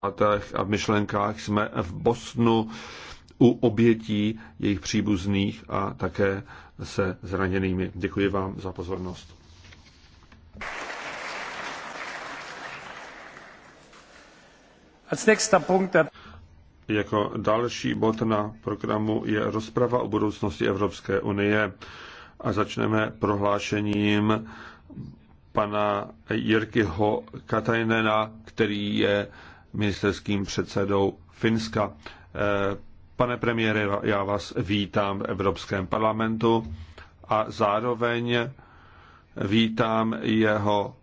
tématech a v myšlenkách jsme v Bosnu u obětí jejich příbuzných a také se zraněnými. Děkuji vám za pozornost. Jako další bod na programu je rozprava o budoucnosti Evropské unie a začneme prohlášením pana Jirkyho Katajnena, který je ministerským předsedou Finska. Eh, pane premiére, já vás vítám v Evropském parlamentu a zároveň vítám jeho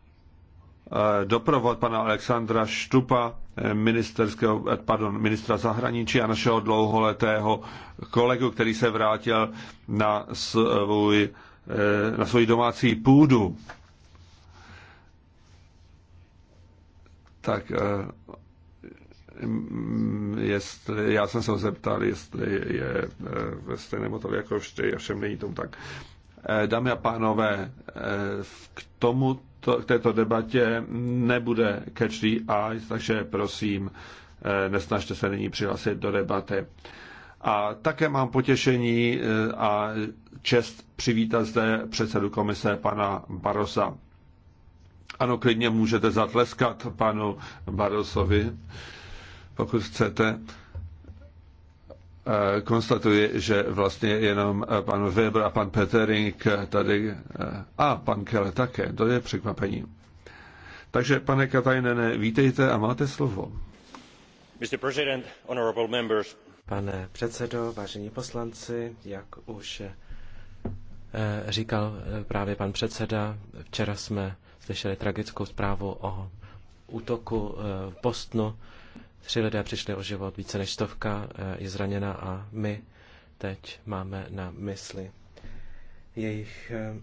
eh, doprovod pana Alexandra Štupa, eh, ministerského, pardon, ministra zahraničí a našeho dlouholetého kolegu, který se vrátil na, svůj, na svoji domácí půdu. Tak Mm, jestli, já jsem se ho zeptal, jestli je ve eh, stejném hotelu jako vždy, všem není tomu tak. Eh, dámy a pánové, eh, k tomu k této debatě nebude catch the eye, takže prosím, nesnažte se nyní přihlásit do debaty. A také mám potěšení a čest přivítat zde předsedu komise pana Barosa. Ano, klidně můžete zatleskat panu Barosovi pokud chcete, eh, konstatuji, že vlastně jenom eh, pan Weber a pan Petering eh, tady a pan Kele také. To je překvapení. Takže, pane Katajnene, vítejte a máte slovo. Mr. President, honorable members. Pane předsedo, vážení poslanci, jak už říkal právě pan předseda, včera jsme slyšeli tragickou zprávu o útoku v Bostonu Tři lidé přišli o život, více než stovka eh, je zraněna a my teď máme na mysli jejich eh,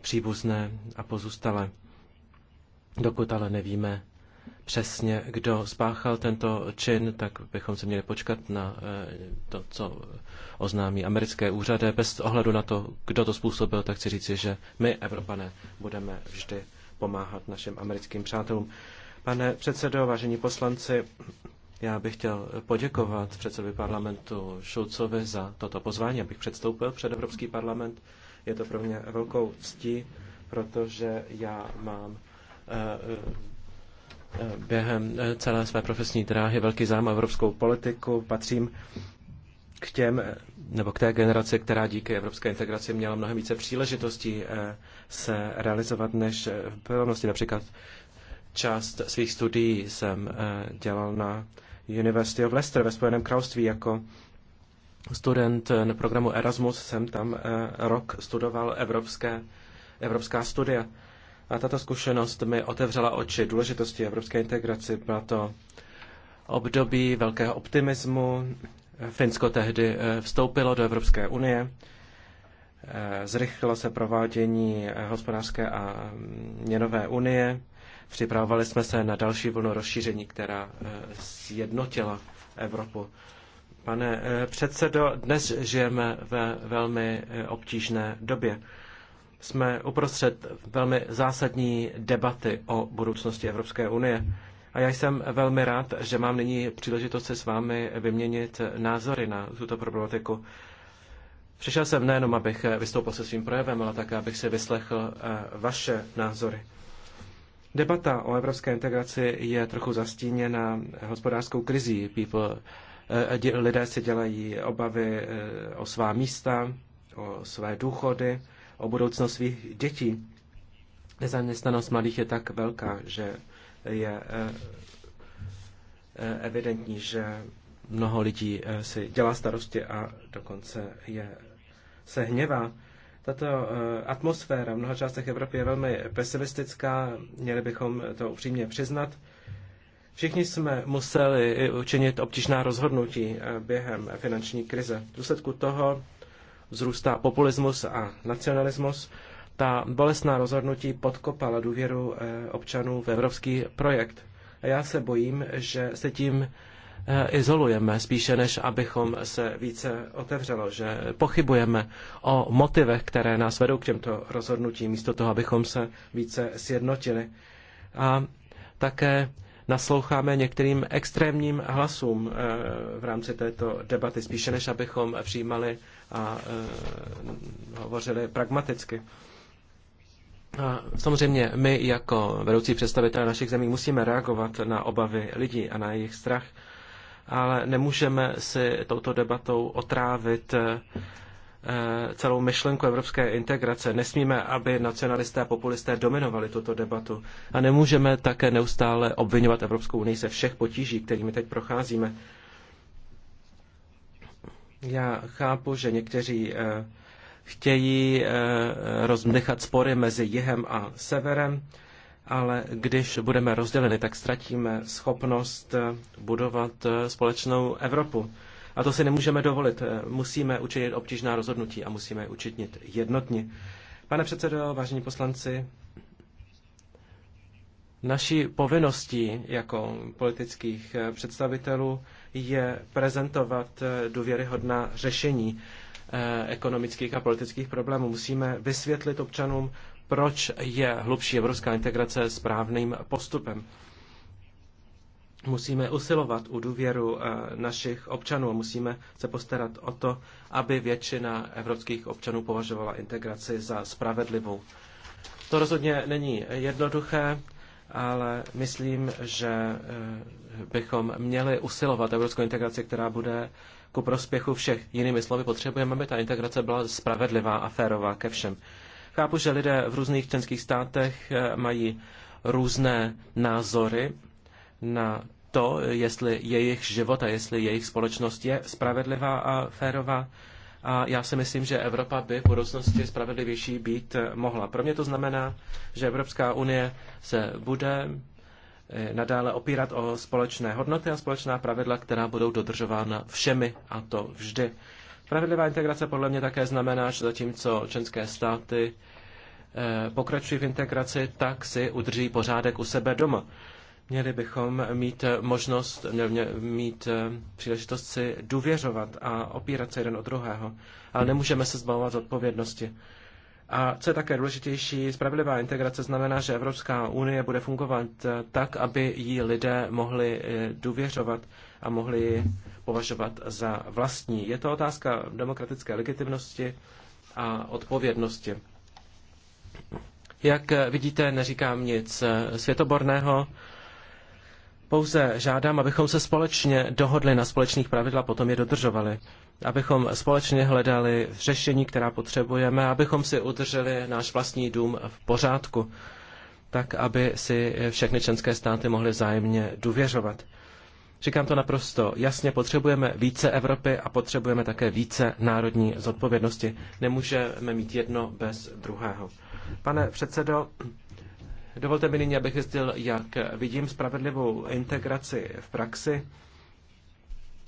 příbuzné a pozůstalé. Dokud ale nevíme přesně, kdo spáchal tento čin, tak bychom se měli počkat na eh, to, co oznámí americké úřady. Bez ohledu na to, kdo to způsobil, tak chci říci, že my, Evropané, budeme vždy pomáhat našim americkým přátelům. Pane předsedo, vážení poslanci, já bych chtěl poděkovat předsedovi parlamentu Šulcovi za toto pozvání, abych předstoupil před Evropský parlament. Je to pro mě velkou ctí, protože já mám eh, eh, během celé své profesní dráhy velký zájem o evropskou politiku. Patřím k těm, nebo k té generaci, která díky evropské integraci měla mnohem více příležitostí eh, se realizovat než v plnosti. Například Část svých studií jsem eh, dělal na University of Leicester ve Spojeném království jako student eh, na programu Erasmus. Jsem tam eh, rok studoval evropské, evropská studia. A tato zkušenost mi otevřela oči důležitosti evropské integraci. Byla to období velkého optimismu. Finsko tehdy vstoupilo do Evropské unie. Zrychlilo se provádění hospodářské a mm, měnové unie. Připravovali jsme se na další vlnu rozšíření, která eh, sjednotila Evropu. Pane eh, předsedo, dnes žijeme ve velmi eh, obtížné době. Jsme uprostřed velmi zásadní debaty o budoucnosti Evropské unie. A já jsem velmi rád, že mám nyní příležitost se s vámi vyměnit názory na tuto problematiku. Přišel jsem nejenom, abych vystoupil se svým projevem, ale také, abych si vyslechl vaše názory. Debata o evropské integraci je trochu zastíněna hospodářskou krizí. People, eh, eh, lidé si dělají obavy eh, o svá místa, o své důchody, o budoucnost svých dětí. Nezaměstnanost mladých je tak velká, že je evidentní, že mnoho lidí si dělá starosti a dokonce je se hněvá. Tato eh, atmosféra v mnoha částech Evropy je velmi pesimistická, měli bychom to upřímně přiznat. Všichni jsme museli učinit obtížná rozhodnutí eh, během finanční krize. V důsledku toho vzrůstá populismus a nacionalismus. Ta bolestná rozhodnutí podkopala důvěru eh, občanů v evropský projekt. A já se bojím, že se tím Eh, izolujeme, spíše než abychom se více otevřelo, že pochybujeme o motivech, které nás vedou k těmto rozhodnutím, místo toho, abychom se více sjednotili. A také nasloucháme některým extrémním hlasům eh, v rámci této debaty, spíše než abychom přijímali a eh, hovořili pragmaticky. A samozřejmě my jako vedoucí představitelé našich zemí musíme reagovat na obavy lidí a na jejich strach ale nemůžeme si touto debatou otrávit eh, celou myšlenku evropské integrace. Nesmíme, aby nacionalisté a populisté dominovali tuto debatu. A nemůžeme také neustále obvinovat Evropskou unii ze všech potíží, kterými teď procházíme. Já chápu, že někteří eh, chtějí eh, rozmdychat spory mezi jihem a severem ale když budeme rozděleni, tak ztratíme schopnost eh, budovat eh, společnou Evropu. A to si nemůžeme dovolit. Eh, musíme učinit obtížná rozhodnutí a musíme je učinit jednotně. Pane předsedo, vážení poslanci, naší povinností jako politických představitelů je prezentovat důvěryhodná řešení ekonomických a politických problémů. Musíme vysvětlit občanům, proč je hlubší evropská integrace správným postupem. Musíme usilovat u důvěru eh, našich občanů a musíme se postarat o to, aby většina evropských občanů považovala integraci za spravedlivou. To rozhodně není jednoduché, ale myslím, že eh, bychom měli usilovat evropskou integraci, která bude ku prospěchu všech. Jinými slovy, potřebujeme, aby ta integrace byla spravedlivá a férová ke všem. Chápu, že lidé v různých členských státech eh, mají různé názory na to, jestli jejich život a jestli jejich společnost je spravedlivá a férová. A já si myslím, že Evropa by v budoucnosti spravedlivější být eh, mohla. Pro mě to znamená, že Evropská unie se bude eh, nadále opírat o společné hodnoty a společná pravidla, která budou dodržována všemi, a to vždy. Spravedlivá integrace podle mě také znamená, že zatímco členské státy eh, pokračují v integraci, tak si udrží pořádek u sebe doma. Měli bychom mít možnost, měli mít eh, příležitost si důvěřovat a opírat se jeden od druhého, ale nemůžeme se zbavovat odpovědnosti. A co je také důležitější, spravedlivá integrace znamená, že Evropská unie bude fungovat eh, tak, aby jí lidé mohli důvěřovat a mohli ji považovat za vlastní. Je to otázka demokratické legitimnosti a odpovědnosti. Jak vidíte, neříkám nic světoborného, pouze žádám, abychom se společně dohodli na společných pravidla, potom je dodržovali. Abychom společně hledali řešení, která potřebujeme, abychom si udrželi náš vlastní dům v pořádku, tak aby si všechny členské státy mohly vzájemně důvěřovat. Říkám to naprosto jasně, potřebujeme více Evropy a potřebujeme také více národní zodpovědnosti. Nemůžeme mít jedno bez druhého. Pane předsedo, dovolte mi nyní, abych vysvětlil, jak vidím spravedlivou integraci v praxi.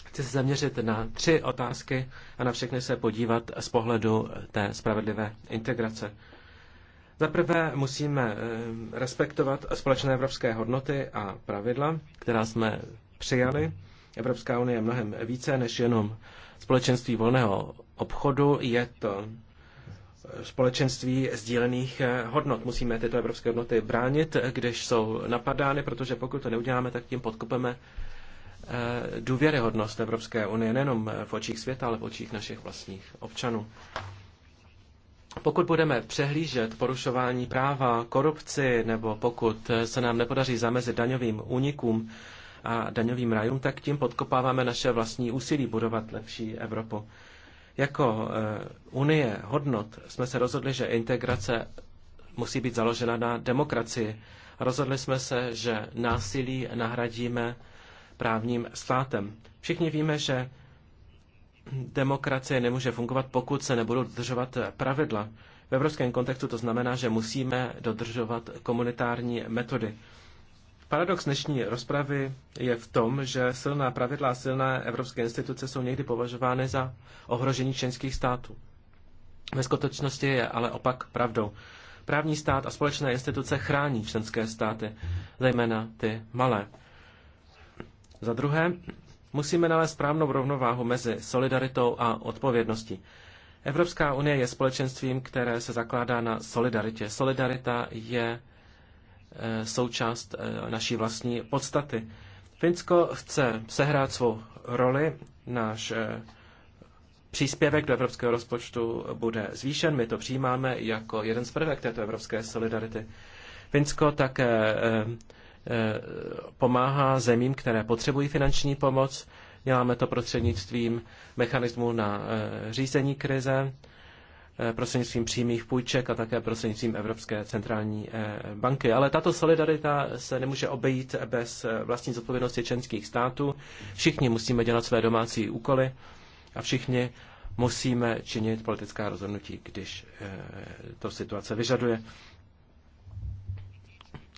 Chci se zaměřit na tři otázky a na všechny se podívat z pohledu té spravedlivé integrace. Za prvé musíme eh, respektovat společné evropské hodnoty a pravidla, která jsme přijali. Evropská unie je mnohem více než jenom společenství volného obchodu. Je to společenství sdílených eh, hodnot. Musíme tyto evropské hodnoty bránit, když jsou napadány, protože pokud to neuděláme, tak tím podkopeme eh, důvěryhodnost Evropské unie nejenom v očích světa, ale v očích našich vlastních občanů. Pokud budeme přehlížet porušování práva, korupci, nebo pokud se nám nepodaří zamezit daňovým únikům, a daňovým rajům, tak tím podkopáváme naše vlastní úsilí budovat lepší Evropu. Jako eh, Unie hodnot jsme se rozhodli, že integrace musí být založena na demokracii. Rozhodli jsme se, že násilí nahradíme právním státem. Všichni víme, že demokracie nemůže fungovat, pokud se nebudou dodržovat pravidla. V evropském kontextu to znamená, že musíme dodržovat komunitární metody. Paradox dnešní rozpravy je v tom, že silná pravidla a silné evropské instituce jsou někdy považovány za ohrožení členských států. Ve skutečnosti je ale opak pravdou. Právní stát a společné instituce chrání členské státy, zejména ty malé. Za druhé, musíme nalézt správnou rovnováhu mezi solidaritou a odpovědností. Evropská unie je společenstvím, které se zakládá na solidaritě. Solidarita je Eh, součást eh, naší vlastní podstaty. Finsko chce sehrát svou roli, náš eh, příspěvek do evropského rozpočtu bude zvýšen, my to přijímáme jako jeden z prvek této evropské solidarity. Finsko také pomáhá zemím, které potřebují finanční pomoc. Děláme to prostřednictvím mechanismu na řízení krize, Eh, prostřednictvím přímých půjček a také prostřednictvím Evropské centrální eh, banky. Ale tato solidarita se nemůže obejít bez eh, vlastní zodpovědnosti členských států. Všichni musíme dělat své domácí úkoly a všichni musíme činit politická rozhodnutí, když to situace vyžaduje.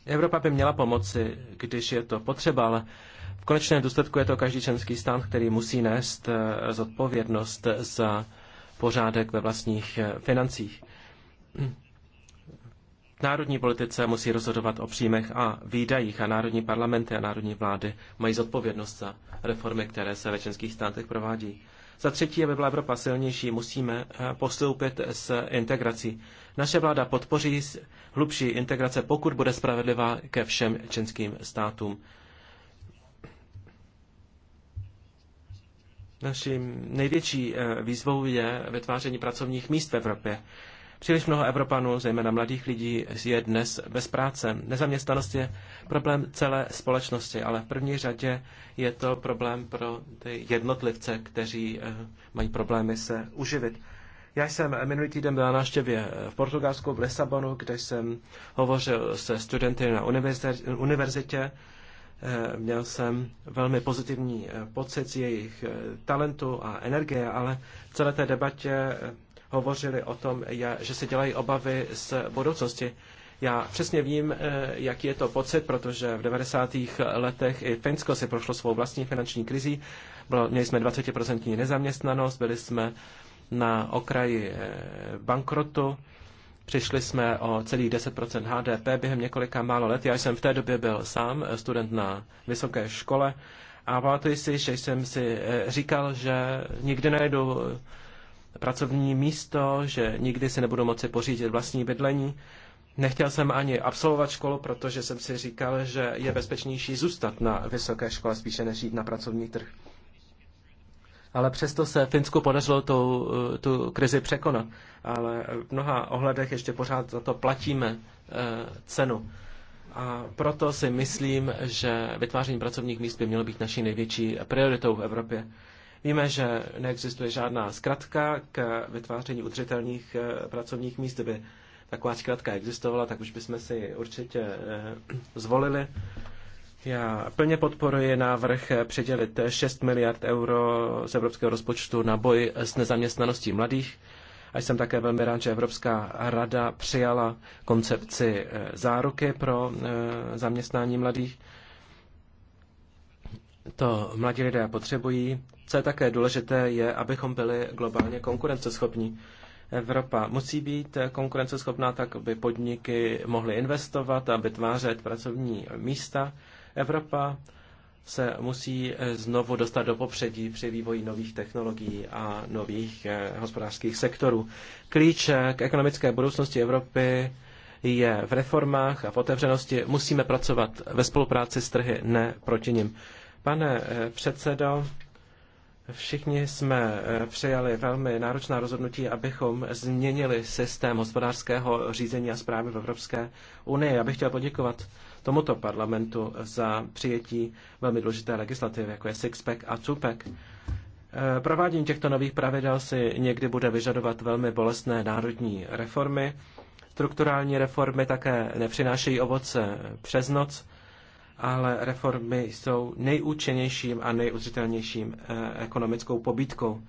Evropa by měla pomoci, když je to potřeba, ale v konečném důsledku je to každý členský stát, který musí nést zodpovědnost za pořádek ve vlastních eh, financích. národní politice musí rozhodovat o příjmech a výdajích a národní parlamenty a národní vlády mají zodpovědnost za reformy, které se ve členských státech provádí. Za třetí, aby byla Evropa silnější, musíme eh, postoupit s integrací. Naše vláda podpoří hlubší integrace, pokud bude spravedlivá ke všem členským státům. Naší největší eh, výzvou je vytváření pracovních míst v Evropě. Příliš mnoho Evropanů, zejména mladých lidí, je dnes bez práce. Nezaměstnanost je problém celé společnosti, ale v první řadě je to problém pro ty jednotlivce, kteří eh, mají problémy se uživit. Já jsem eh, minulý týden byl na návštěvě v Portugalsku, v Lisabonu, kde jsem hovořil se studenty na univerzitě Eh, měl jsem velmi pozitivní eh, pocit z jejich eh, talentu a energie, ale v celé té debatě hovořili o tom, že se dělají obavy z budoucnosti. Já přesně vím, jaký je to pocit, protože v 90. letech i Finsko si prošlo svou vlastní finanční krizí. Bylo, měli jsme 20% nezaměstnanost, byli jsme na okraji bankrotu Přišli jsme o celých 10% HDP během několika málo let. Já jsem v té době byl sám eh, student na vysoké škole a pamatuji si, že jsem si eh, říkal, že nikdy najdu eh, pracovní místo, že nikdy si nebudu moci pořídit vlastní bydlení. Nechtěl jsem ani absolvovat školu, protože jsem si říkal, že je bezpečnější zůstat na vysoké škole spíše než jít na pracovní trh ale přesto se Finsku podařilo tu, eh, tu krizi překonat. Ale v mnoha ohledech ještě pořád za to platíme eh, cenu. A proto si myslím, že vytváření pracovních míst by mělo být naší největší prioritou v Evropě. Víme, že neexistuje žádná zkratka k vytváření udržitelných eh, pracovních míst. Kdyby taková zkratka existovala, tak už bychom si určitě zvolili. Já plně podporuji návrh předělit 6 miliard euro z evropského rozpočtu na boj s nezaměstnaností mladých. A jsem také velmi rád, že Evropská rada přijala koncepci eh, záruky pro eh, zaměstnání mladých. To mladí lidé potřebují. Co je také důležité, je, abychom byli globálně konkurenceschopní. Evropa musí být konkurenceschopná tak, aby podniky mohly investovat a vytvářet pracovní místa Evropa se musí eh, znovu dostat do popředí při vývoji nových technologií a nových eh, hospodářských sektorů. Klíč eh, k ekonomické budoucnosti Evropy je v reformách a v otevřenosti. Musíme pracovat ve spolupráci s trhy, ne proti nim. Pane předsedo, všichni jsme přijali velmi náročná rozhodnutí, abychom změnili systém hospodářského řízení a zprávy v Evropské unii. Já bych chtěl poděkovat tomuto parlamentu za přijetí velmi důležité legislativy, jako je Sixpack a Tupac. E, provádění těchto nových pravidel si někdy bude vyžadovat velmi bolestné národní reformy. Strukturální reformy také nepřinášejí ovoce přes noc, ale reformy jsou nejúčinnějším a nejudržitelnějším e, ekonomickou pobídkou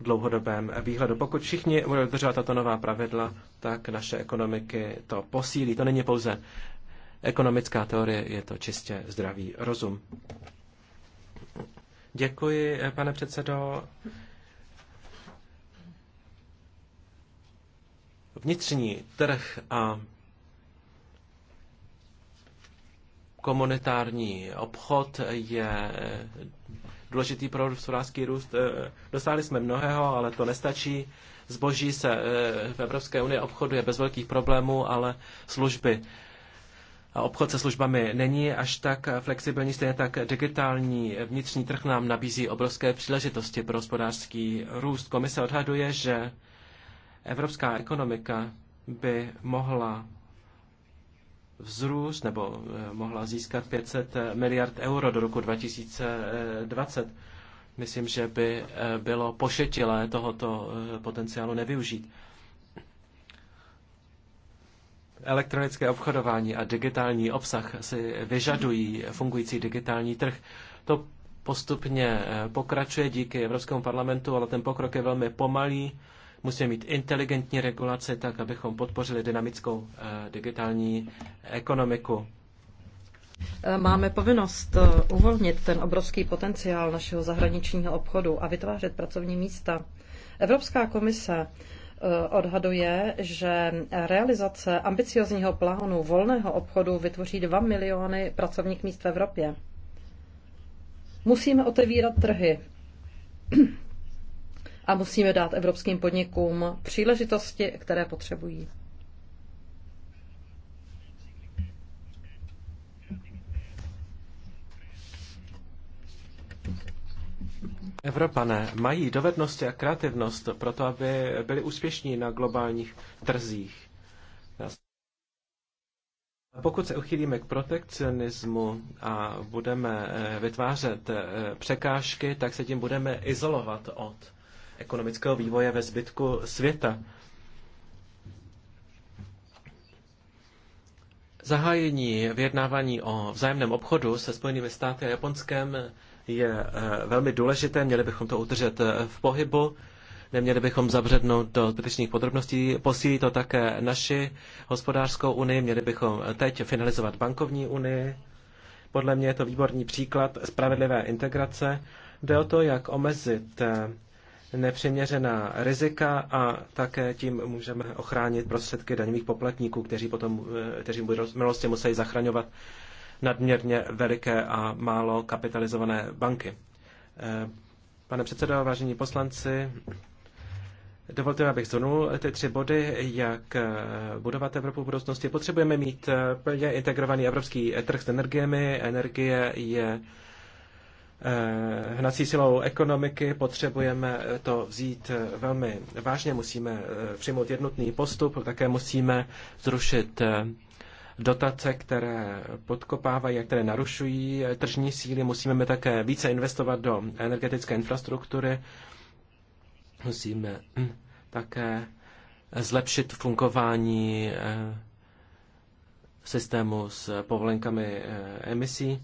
v dlouhodobém výhledu. Pokud všichni budou dodržovat tato nová pravidla, tak naše ekonomiky to posílí. To není pouze ekonomická teorie, je to čistě zdravý rozum. Děkuji, eh, pane předsedo. Vnitřní trh a komunitární obchod je eh, důležitý pro hospodářský růst. Eh, dostali jsme mnohého, ale to nestačí. Zboží se v Evropské unii obchoduje bez velkých problémů, ale služby obchod se službami není až tak flexibilní, stejně tak digitální vnitřní trh nám nabízí obrovské příležitosti pro hospodářský růst. Komise odhaduje, že evropská ekonomika by mohla vzrůst nebo eh, mohla získat 500 eh, miliard euro do roku 2020. Myslím, že by eh, bylo pošetilé tohoto potenciálu nevyužít elektronické obchodování a digitální obsah si vyžadují fungující digitální trh. To postupně eh, pokračuje díky Evropskému parlamentu, ale ten pokrok je velmi pomalý. Musíme mít inteligentní regulace, tak, abychom podpořili dynamickou eh, digitální ekonomiku. Eh, máme povinnost uvolnit ten obrovský potenciál našeho zahraničního obchodu a vytvářet pracovní místa. Evropská komise Eh, odhaduje, že realizace ambiciozního plánu volného obchodu vytvoří 2 miliony pracovních míst v Evropě. Musíme otevírat trhy a musíme dát evropským podnikům příležitosti, které potřebují. Evropané mají dovednosti a kreativnost pro to, aby byli úspěšní na globálních trzích. Pokud se uchylíme k protekcionismu a budeme eh, vytvářet eh, překážky, tak se tím budeme izolovat od ekonomického vývoje ve zbytku světa. Zahájení vyjednávání o vzájemném obchodu se Spojenými státy a Japonskem je eh, velmi důležité, měli bychom to udržet eh, v pohybu, neměli bychom zabřednout do zbytečných podrobností, posílí to také naši hospodářskou unii, měli bychom eh, teď finalizovat bankovní unii. Podle mě je to výborný příklad spravedlivé integrace. Jde o to, jak omezit nepřiměřená rizika a také tím můžeme ochránit prostředky daňových poplatníků, kteří potom, kteří v minulosti museli zachraňovat nadměrně veliké a málo kapitalizované banky. Eh, pane předsedo, vážení poslanci, Dovolte, abych zhrnul ty tři body, jak eh, budovat Evropu v budoucnosti. Potřebujeme mít eh, plně integrovaný evropský trh s energiemi. Energie je hnací silou ekonomiky, potřebujeme to vzít velmi vážně, musíme přijmout jednotný postup, také musíme zrušit dotace, které podkopávají a které narušují tržní síly. Musíme také více investovat do energetické infrastruktury. Musíme také zlepšit fungování eh, systému s povolenkami eh, emisí.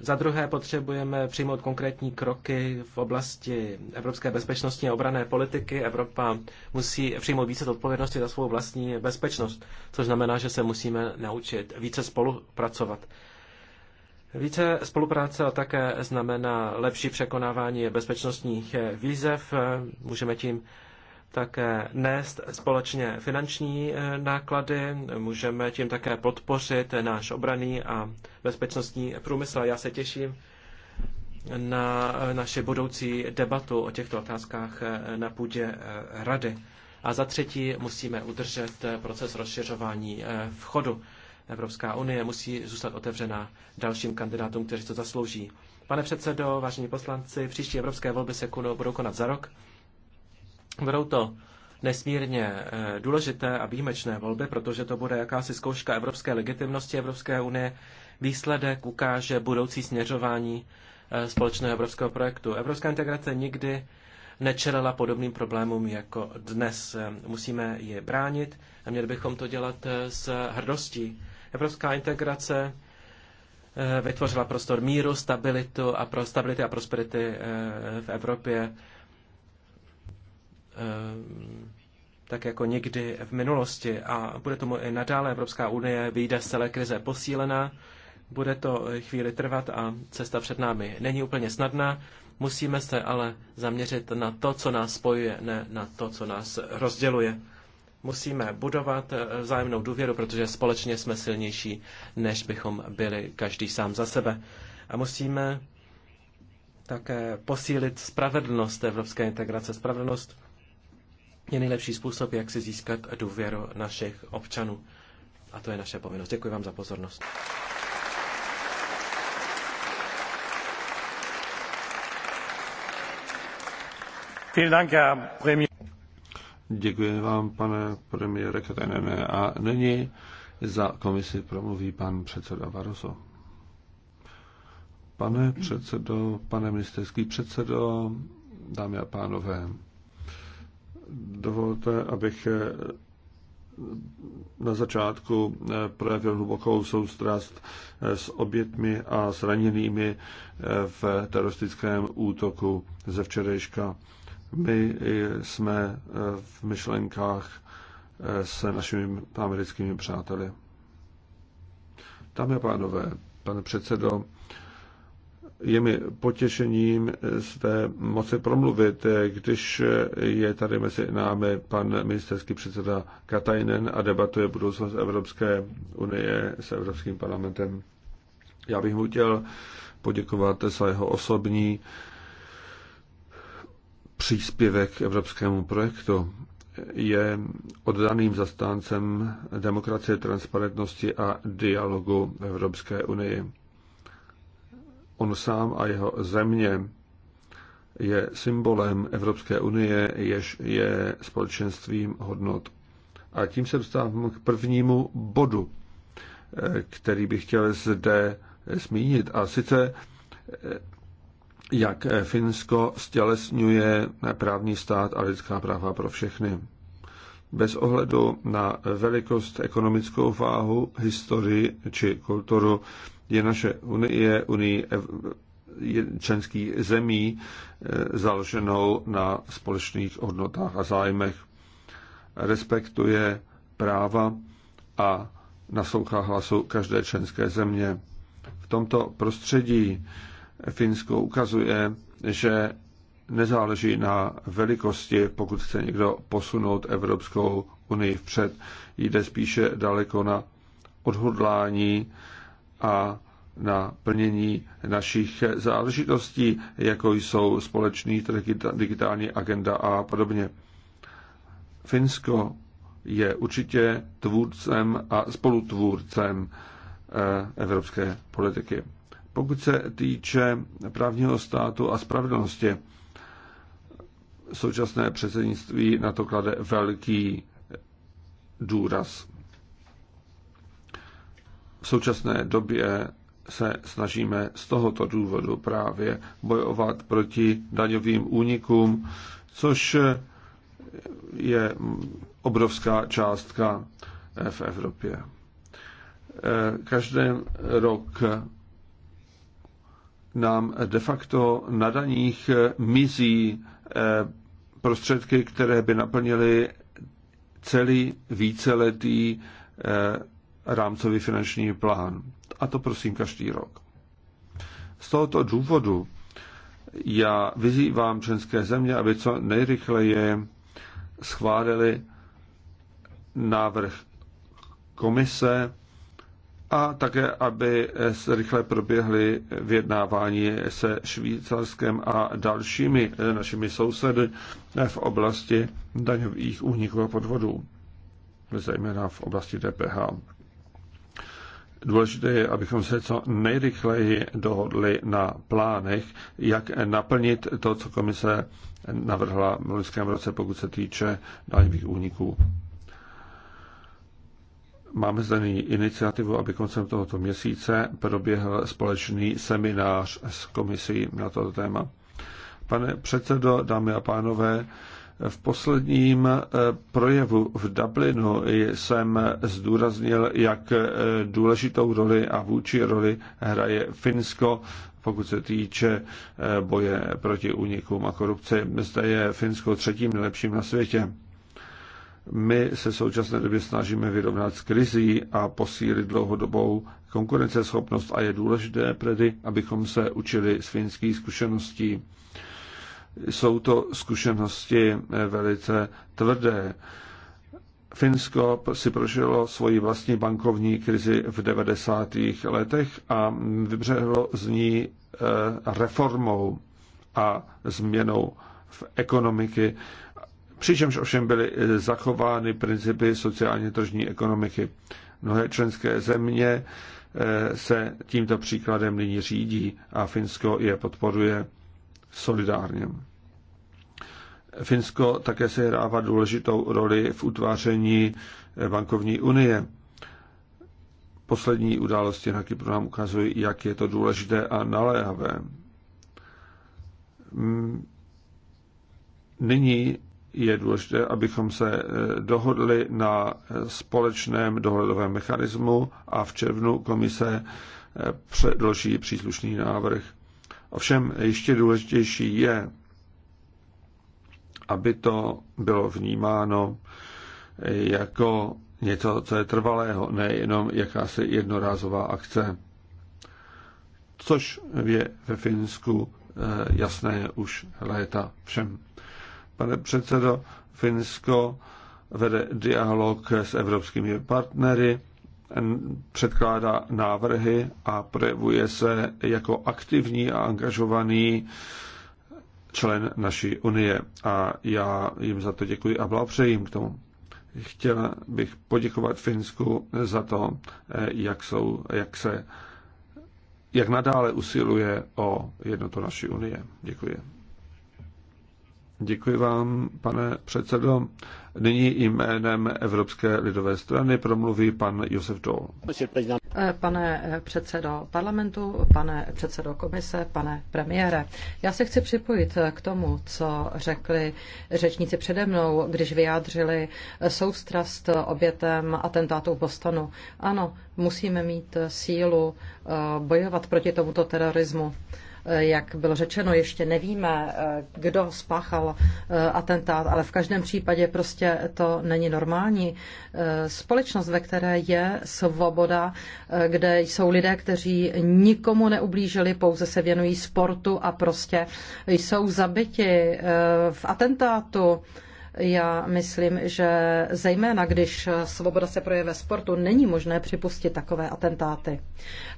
Za druhé potřebujeme přijmout konkrétní kroky v oblasti evropské bezpečnostní a obrané politiky. Evropa musí přijmout více odpovědnosti za svou vlastní bezpečnost, což znamená, že se musíme naučit více spolupracovat. Více spolupráce také znamená lepší překonávání bezpečnostních výzev. Můžeme tím také nést společně finanční eh, náklady, můžeme tím také podpořit náš obraný a bezpečnostní průmysl. Já se těším na eh, naši budoucí debatu o těchto otázkách eh, na půdě Rady. A za třetí musíme udržet proces rozšiřování vchodu Evropská unie musí zůstat otevřena dalším kandidátům, kteří to zaslouží. Pane předsedo, vážení poslanci, příští evropské volby se budou konat za rok. Budou to nesmírně eh, důležité a výjimečné volby, protože to bude jakási zkouška evropské legitimnosti Evropské unie. Výsledek ukáže budoucí směřování eh, společného evropského projektu. Evropská integrace nikdy nečelila podobným problémům jako dnes. Eh, musíme je bránit a měli bychom to dělat s hrdostí. Evropská integrace vytvořila prostor míru, stabilitu a pro stability a prosperity v Evropě Ehm, tak jako někdy v minulosti a bude tomu i nadále Evropská unie vyjde z celé krize posílená. Bude to eh, chvíli trvat a cesta před námi není úplně snadná. Musíme se ale zaměřit na to, co nás spojuje, ne na to, co nás rozděluje. Musíme budovat eh, vzájemnou důvěru, protože společně jsme silnější, než bychom byli každý sám za sebe. A musíme také posílit spravedlnost evropské integrace. Spravedlnost je nejlepší způsob, jak si získat důvěru našich občanů. A to je naše povinnost. Děkuji vám za pozornost. Děkuji vám, pane premiére Katajnene. A nyní za komisi promluví pan předseda Varoso. Pane předsedo, pane ministerský předsedo, dámy a pánové, Dovolte, abych eh, na začátku eh, projevil hlubokou soustrast eh, s obětmi a zraněnými v teroristickém útoku ze včerejška. My jsme v myšlenkách se našimi americkými přáteli. Dámy a pánové, pane předsedo, je mi potěšením své eh, moci promluvit, eh, když eh, je tady mezi námi pan ministerský předseda Katajnen a debatuje budoucnost Evropské unie s Evropským parlamentem. Já bych mu chtěl poděkovat za jeho osobní příspěvek k evropskému projektu. Je oddaným zastáncem demokracie, transparentnosti a dialogu v Evropské unii On sám a jeho země je symbolem Evropské unie, jež je společenstvím hodnot. A tím se dostávám k prvnímu bodu, eh, který bych chtěl zde zmínit. A sice, eh, jak Finsko stělesňuje právní stát a lidská práva pro všechny. Bez ohledu na velikost, ekonomickou váhu, historii či kulturu, je naše unie, unie členských zemí e, založenou na společných hodnotách a zájmech. Respektuje práva a naslouchá hlasu každé členské země. V tomto prostředí Finsko ukazuje, že nezáleží na velikosti, pokud chce někdo posunout Evropskou unii vpřed. Jde spíše daleko na odhodlání a na plnění našich záležitostí, jako jsou společný trh, digitální agenda a podobně. Finsko je určitě tvůrcem a spolutvůrcem eh, evropské politiky. Pokud se týče právního státu a spravedlnosti, současné předsednictví na to klade velký důraz. V současné době se snažíme z tohoto důvodu právě bojovat proti daňovým únikům, což je obrovská částka v Evropě. Každý rok nám de facto na daních mizí prostředky, které by naplnily celý víceletý rámcový finanční plán. A to prosím každý rok. Z tohoto důvodu já vyzývám členské země, aby co nejrychleji schválili návrh komise a také, aby se rychle proběhly vyjednávání se Švýcarskem a dalšími eh, našimi sousedy eh, v oblasti daňových úniků a podvodů, zejména v oblasti DPH. Důležité je, abychom se co nejrychleji dohodli na plánech, jak naplnit to, co komise navrhla v loňském roce, pokud se týče daňových úniků. Máme zde nyní iniciativu, aby koncem tohoto měsíce proběhl společný seminář s komisí na toto téma. Pane předsedo, dámy a pánové, v posledním eh, projevu v Dublinu jsem zdůraznil, jak eh, důležitou roli a vůči roli hraje Finsko, pokud se týče eh, boje proti únikům a korupci. Zde je Finsko třetím nejlepším na světě. My se v současné době snažíme vyrovnat s krizí a posílit dlouhodobou konkurenceschopnost a je důležité predy, abychom se učili z finských zkušeností. Jsou to zkušenosti eh, velice tvrdé. Finsko si prožilo svoji vlastní bankovní krizi v 90. letech a vybřehlo z ní eh, reformou a změnou v ekonomiky, přičemž ovšem byly eh, zachovány principy sociálně tržní ekonomiky. Mnohé členské země se tímto příkladem nyní řídí a Finsko je podporuje solidárně. Finsko také se hrává důležitou roli v utváření bankovní unie. Poslední události na Kypru nám ukazují, jak je to důležité a naléhavé. Mm, nyní je důležité, abychom se eh, dohodli na eh, společném dohledovém mechanismu a v červnu komise eh, předloží příslušný návrh. Ovšem ještě důležitější je, aby to bylo vnímáno jako něco, co je trvalého, nejenom jakási jednorázová akce. Což je ve Finsku eh, jasné už léta všem. Pane předsedo, Finsko vede dialog s evropskými partnery předkládá návrhy a projevuje se jako aktivní a angažovaný člen naší unie. A já jim za to děkuji a blahopřeji jim k tomu. Chtěl bych poděkovat Finsku za to, eh, jak, jsou, jak se jak nadále usiluje o jednotu naší unie. Děkuji. Děkuji vám, pane předsedo. Nyní jménem Evropské lidové strany promluví pan Josef Dohl. Pane předsedo parlamentu, pane předsedo komise, pane premiére, já se chci připojit k tomu, co řekli řečníci přede mnou, když vyjádřili soustrast obětem atentátu v Bostonu. Ano, musíme mít sílu eh, bojovat proti tomuto terorismu. Jak bylo řečeno, ještě nevíme, eh, kdo spáchal eh, atentát, ale v každém případě prostě to není normální. Eh, společnost, ve které je svoboda, kde jsou lidé, kteří nikomu neublížili, pouze se věnují sportu a prostě jsou zabiti v atentátu. Já myslím, že zejména když svoboda se projeví ve sportu, není možné připustit takové atentáty.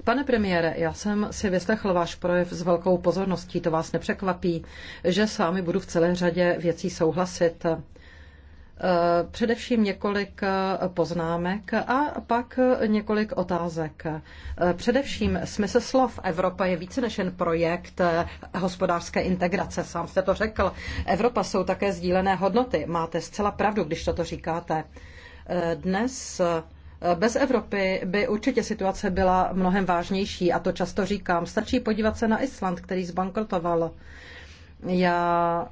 Pane premiére, já jsem si vyslechl váš projev s velkou pozorností. To vás nepřekvapí, že s vámi budu v celé řadě věcí souhlasit. Eh, především několik eh, poznámek a pak eh, několik otázek. Především smysl slov Evropa je více než jen projekt hospodářské integrace. Sám jste to řekl. Evropa jsou také sdílené hodnoty. Máte zcela pravdu, když toto říkáte. Dnes bez Evropy by určitě situace byla mnohem vážnější a to často říkám. Stačí podívat se na Island, který zbankrotoval. Já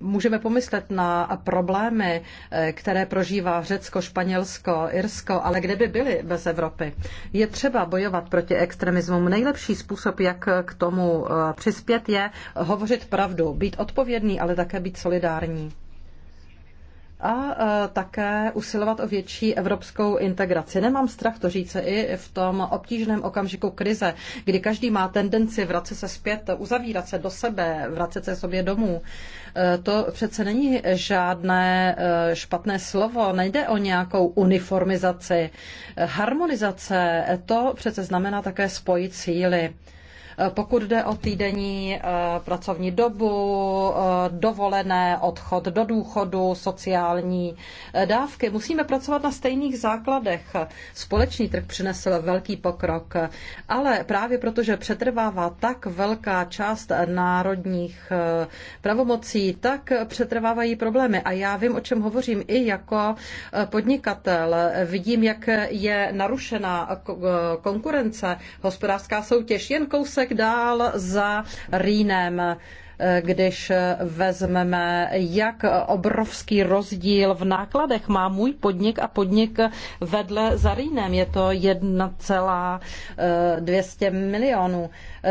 můžeme pomyslet na problémy, eh, které prožívá Řecko, Španělsko, Irsko, ale kde by byly bez Evropy? Je třeba bojovat proti extremismu. Nejlepší způsob, jak k tomu eh, přispět, je hovořit pravdu, být odpovědný, ale také být solidární a e, také usilovat o větší evropskou integraci. Nemám strach to říct i v tom obtížném okamžiku krize, kdy každý má tendenci vracet se zpět, uzavírat se do sebe, vracet se sobě domů. E, to přece není žádné e, špatné slovo, nejde o nějakou uniformizaci. Harmonizace, to přece znamená také spojit síly. Pokud jde o týdenní eh, pracovní dobu, eh, dovolené, odchod do důchodu, sociální eh, dávky, musíme pracovat na stejných základech. Společný trh přinesl velký pokrok, ale právě protože přetrvává tak velká část národních pravomocí, tak přetrvávají problémy. A já vím, o čem hovořím i jako podnikatel. Vidím, jak je narušená konkurence, hospodářská soutěž, jen kousek kousek dál za Rýnem když vezmeme, jak obrovský rozdíl v nákladech má můj podnik a podnik vedle za Rýnem. Je to 1,200 milionů.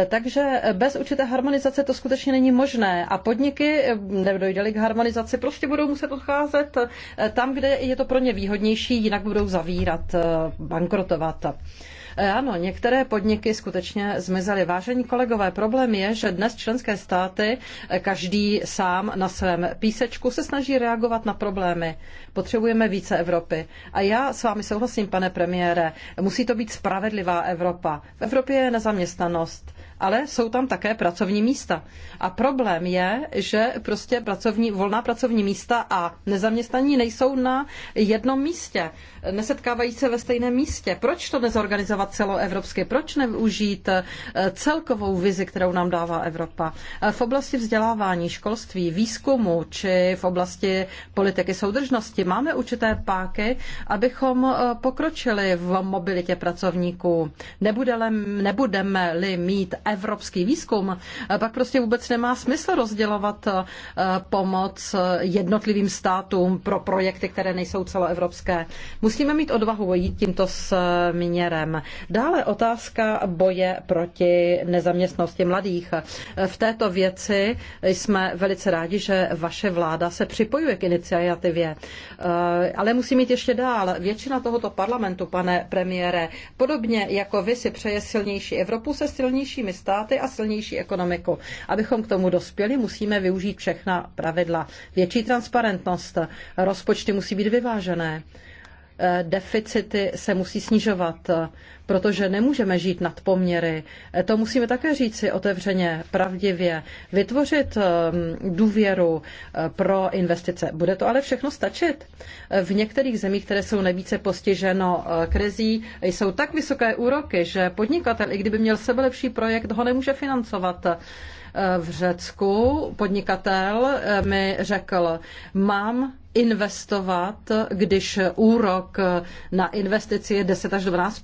Takže bez určité harmonizace to skutečně není možné. A podniky, nedojde k harmonizaci, prostě budou muset odcházet tam, kde je to pro ně výhodnější, jinak budou zavírat, bankrotovat. E, ano, některé podniky skutečně zmizely. Vážení kolegové, problém je, že dnes členské státy, e, každý sám na svém písečku, se snaží reagovat na problémy. Potřebujeme více Evropy. A já s vámi souhlasím, pane premiére, musí to být spravedlivá Evropa. V Evropě je nezaměstnanost ale jsou tam také pracovní místa. A problém je, že prostě pracovní, volná pracovní místa a nezaměstnaní nejsou na jednom místě. Nesetkávají se ve stejném místě. Proč to nezorganizovat celoevropsky? Proč nevyužít eh, celkovou vizi, kterou nám dává Evropa? Eh, v oblasti vzdělávání, školství, výzkumu či v oblasti politiky soudržnosti máme určité páky, abychom eh, pokročili v mobilitě pracovníků. Nebudeme-li mít evropský výzkum, eh, pak prostě vůbec nemá smysl rozdělovat eh, pomoc eh, jednotlivým státům pro projekty, které nejsou celoevropské. Musíme mít odvahu jít tímto směrem. Dále otázka boje proti nezaměstnosti mladých. V této věci jsme velice rádi, že vaše vláda se připojuje k iniciativě. Ale musí mít ještě dál. Většina tohoto parlamentu, pane premiére, podobně jako vy si přeje silnější Evropu se silnějšími státy a silnější ekonomiku. Abychom k tomu dospěli, musíme využít všechna pravidla. Větší transparentnost, rozpočty musí být vyvážené. Eh, deficity se musí snižovat, eh, protože nemůžeme žít nad poměry. Eh, to musíme také říci otevřeně, pravdivě, vytvořit důvěru pro investice. Bude to ale všechno stačit. V některých zemích, které jsou nejvíce postiženo krizí, jsou tak vysoké úroky, že podnikatel, i kdyby měl sebe lepší projekt, ho nemůže financovat v Řecku podnikatel mi řekl, mám investovat, když úrok na investici je 10 až 12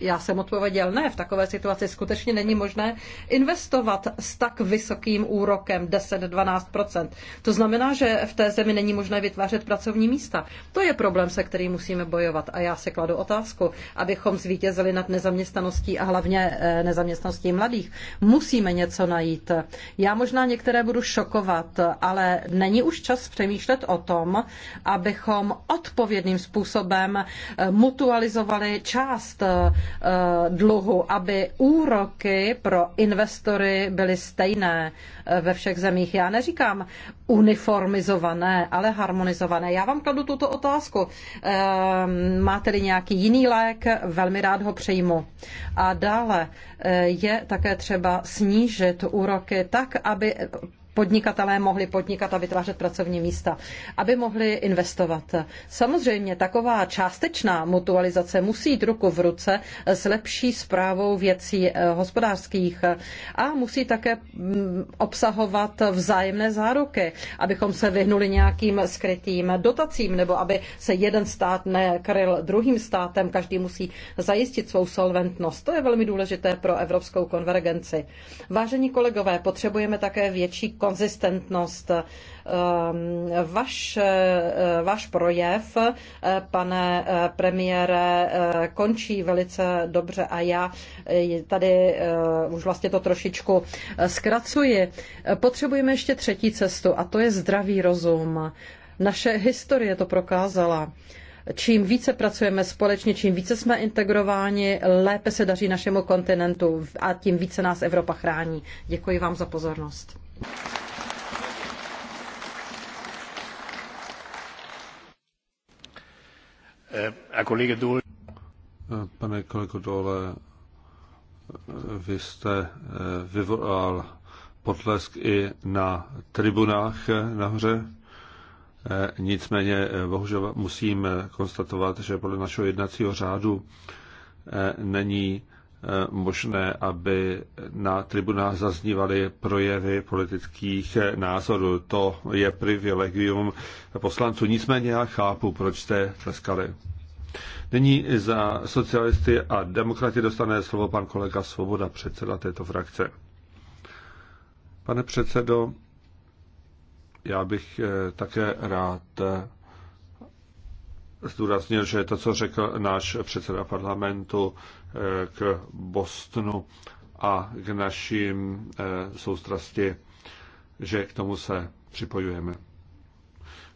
Já jsem odpověděl, ne, v takové situaci skutečně není možné investovat s tak vysokým úrokem 10-12 To znamená, že v té zemi není možné vytvářet pracovní místa. To je problém, se kterým musíme bojovat. A já se kladu otázku, abychom zvítězili nad nezaměstnaností a hlavně eh, nezaměstnaností mladých. Musíme něco najít. Já možná některé budu šokovat, ale není už čas přemýšlet o tom, abychom odpovědným způsobem eh, mutualizovali část eh, eh, dluhu, aby úroky pro investory byly stejné ve všech zemích. Já neříkám uniformizované, ale harmonizované. Já vám kladu tuto otázku. Máte-li nějaký jiný lék, velmi rád ho přejmu. A dále je také třeba snížit úroky tak, aby podnikatelé mohli podnikat a vytvářet pracovní místa, aby mohli investovat. Samozřejmě taková částečná mutualizace musí jít ruku v ruce s lepší zprávou věcí eh, hospodářských a musí také mm, obsahovat vzájemné záruky, abychom se vyhnuli nějakým skrytým dotacím nebo aby se jeden stát nekryl druhým státem. Každý musí zajistit svou solventnost. To je velmi důležité pro evropskou konvergenci. Vážení kolegové, potřebujeme také větší konzistentnost. Ehm, vaš, eh, váš projev, eh, pane eh, premiére, končí velice dobře a já tady už vlastně to trošičku zkracuji. Potřebujeme ještě třetí cestu a to je zdravý rozum. Naše historie to prokázala čím více pracujeme společně, čím více jsme integrováni, lépe se daří našemu kontinentu a tím více nás Evropa chrání. Děkuji vám za pozornost. Eh, kolega eh, Pane kolego Dole, eh, vy jste vyvolal potlesk i na tribunách nahoře. Nicméně bohužel musím konstatovat, že podle našeho jednacího řádu není Eh, možné, aby na tribunách zaznívaly projevy politických názorů. To je privilegium poslanců. Nicméně já chápu, proč jste tleskali. Nyní za socialisty a demokraty dostane slovo pan kolega Svoboda, předseda této frakce. Pane předsedo, já bych eh, také rád eh, zdůraznil, že to, co řekl náš předseda parlamentu eh, k Bostonu a k našim eh, soustrasti, že k tomu se připojujeme.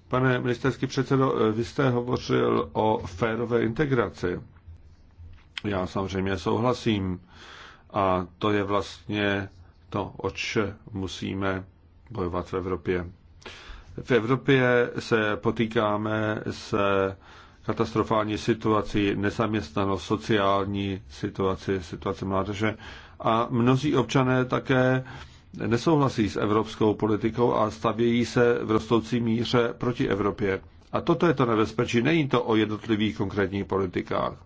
Pane ministerský předsedo, eh, vy jste hovořil o férové integraci. Já samozřejmě souhlasím. A to je vlastně to, oč musíme bojovat v Evropě. V Evropě se potýkáme s katastrofální situací, nezaměstnanost, sociální situaci, situace mládeže. A mnozí občané také nesouhlasí s evropskou politikou a stavějí se v rostoucí míře proti Evropě. A toto je to nebezpečí. Není to o jednotlivých konkrétních politikách.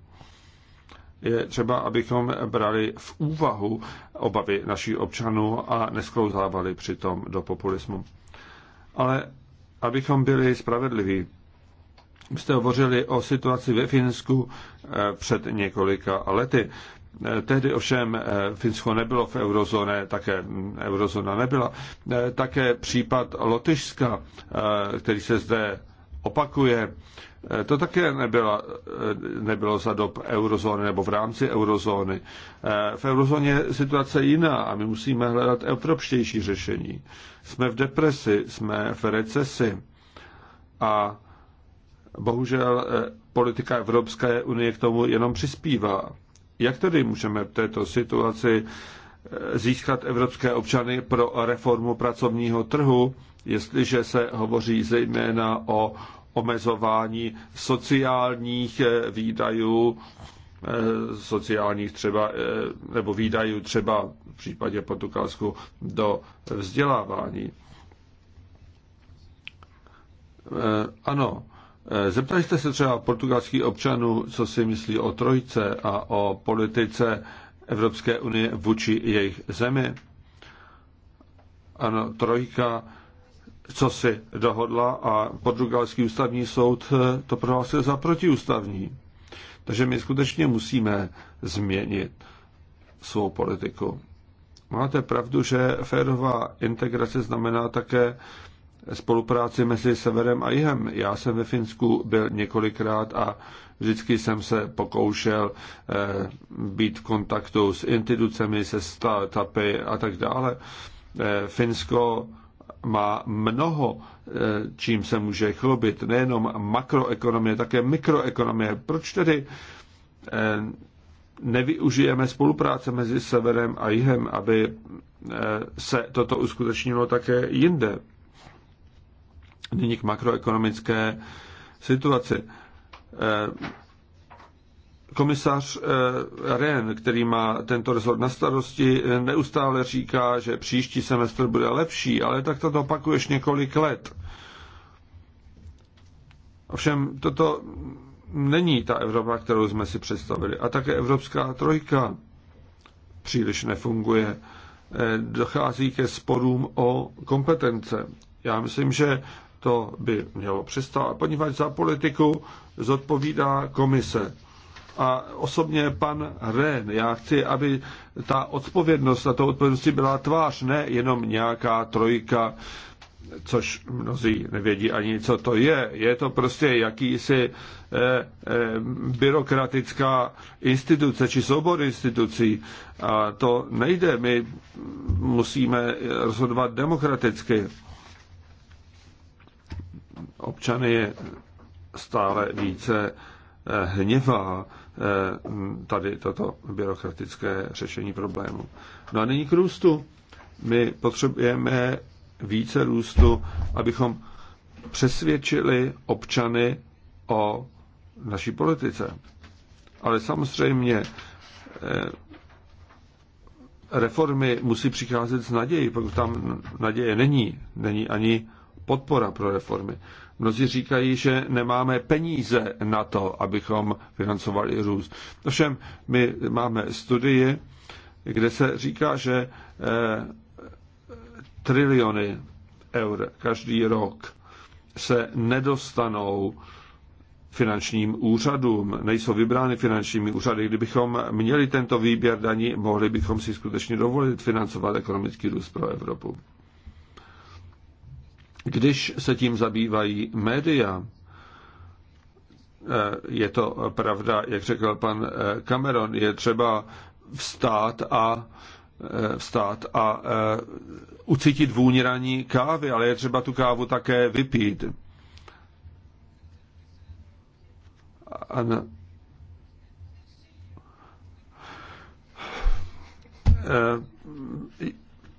Je třeba, abychom brali v úvahu obavy našich občanů a nesklouzávali přitom do populismu. Ale abychom byli spravedliví, jste hovořili o situaci ve Finsku eh, před několika lety. Eh, tehdy ovšem eh, Finsko nebylo v eurozóně, také eurozóna nebyla. Také případ Lotyšska, který se zde opakuje, Eh, to také nebyla, eh, nebylo za dob eurozóny nebo v rámci eurozóny. Eh, v eurozóně je situace jiná a my musíme hledat evropštější řešení. Jsme v depresi, jsme v recesi a bohužel politika Evropské unie k tomu jenom přispívá. Jak tedy můžeme v této situaci získat evropské občany pro reformu pracovního trhu, jestliže se hovoří zejména o omezování sociálních eh, výdajů, eh, sociálních třeba, eh, nebo výdajů třeba v případě Portugalsku do vzdělávání. Ano, zeptali jste se třeba portugalských občanů, co si myslí o trojce a o politice Evropské unie vůči jejich zemi. Ano, trojka co si dohodla a portugalský ústavní soud eh, to prohlásil za protiústavní. Takže my skutečně musíme změnit svou politiku. Máte pravdu, že férová integrace znamená také spolupráci mezi severem a jihem. Já jsem ve Finsku byl několikrát a vždycky jsem se pokoušel eh, být v kontaktu s institucemi, se startupy a tak dále. Eh, Finsko má mnoho, eh, čím se může chlubit, nejenom makroekonomie, také mikroekonomie. Proč tedy eh, nevyužijeme spolupráce mezi severem a jihem, aby eh, se toto uskutečnilo také jinde? Nyní k makroekonomické situaci Komisař eh, Ren, který má tento rezort na starosti, neustále říká, že příští semestr bude lepší, ale tak to opakuješ několik let. Ovšem, toto není ta Evropa, kterou jsme si představili. A také Evropská trojka příliš nefunguje. Eh, dochází ke sporům o kompetence. Já myslím, že to by mělo přestat, Podívat za politiku zodpovídá komise a osobně pan Ren, já chci, aby ta odpovědnost, na to odpovědnosti byla tvář, ne jenom nějaká trojka, což mnozí nevědí ani, co to je. Je to prostě jakýsi e, e, byrokratická instituce či soubor institucí. A to nejde. My musíme rozhodovat demokraticky. Občany stále více eh, hněvá Eh, tady toto byrokratické řešení problému. No a nyní k růstu. My potřebujeme více růstu, abychom přesvědčili občany o naší politice. Ale samozřejmě eh, reformy musí přicházet s nadějí, pokud tam naděje není, není ani podpora pro reformy. Mnozí říkají, že nemáme peníze na to, abychom financovali růst. Ovšem, my máme studii, kde se říká, že eh, triliony eur každý rok se nedostanou finančním úřadům, nejsou vybrány finančními úřady. Kdybychom měli tento výběr daní, mohli bychom si skutečně dovolit financovat ekonomický růst pro Evropu. Když se tím zabývají média, eh, je to pravda, jak řekl pan eh, Cameron, je třeba vstát a eh, vstát a ucítit vůni raní kávy, ale je třeba tu kávu také vypít. Ano. Uh,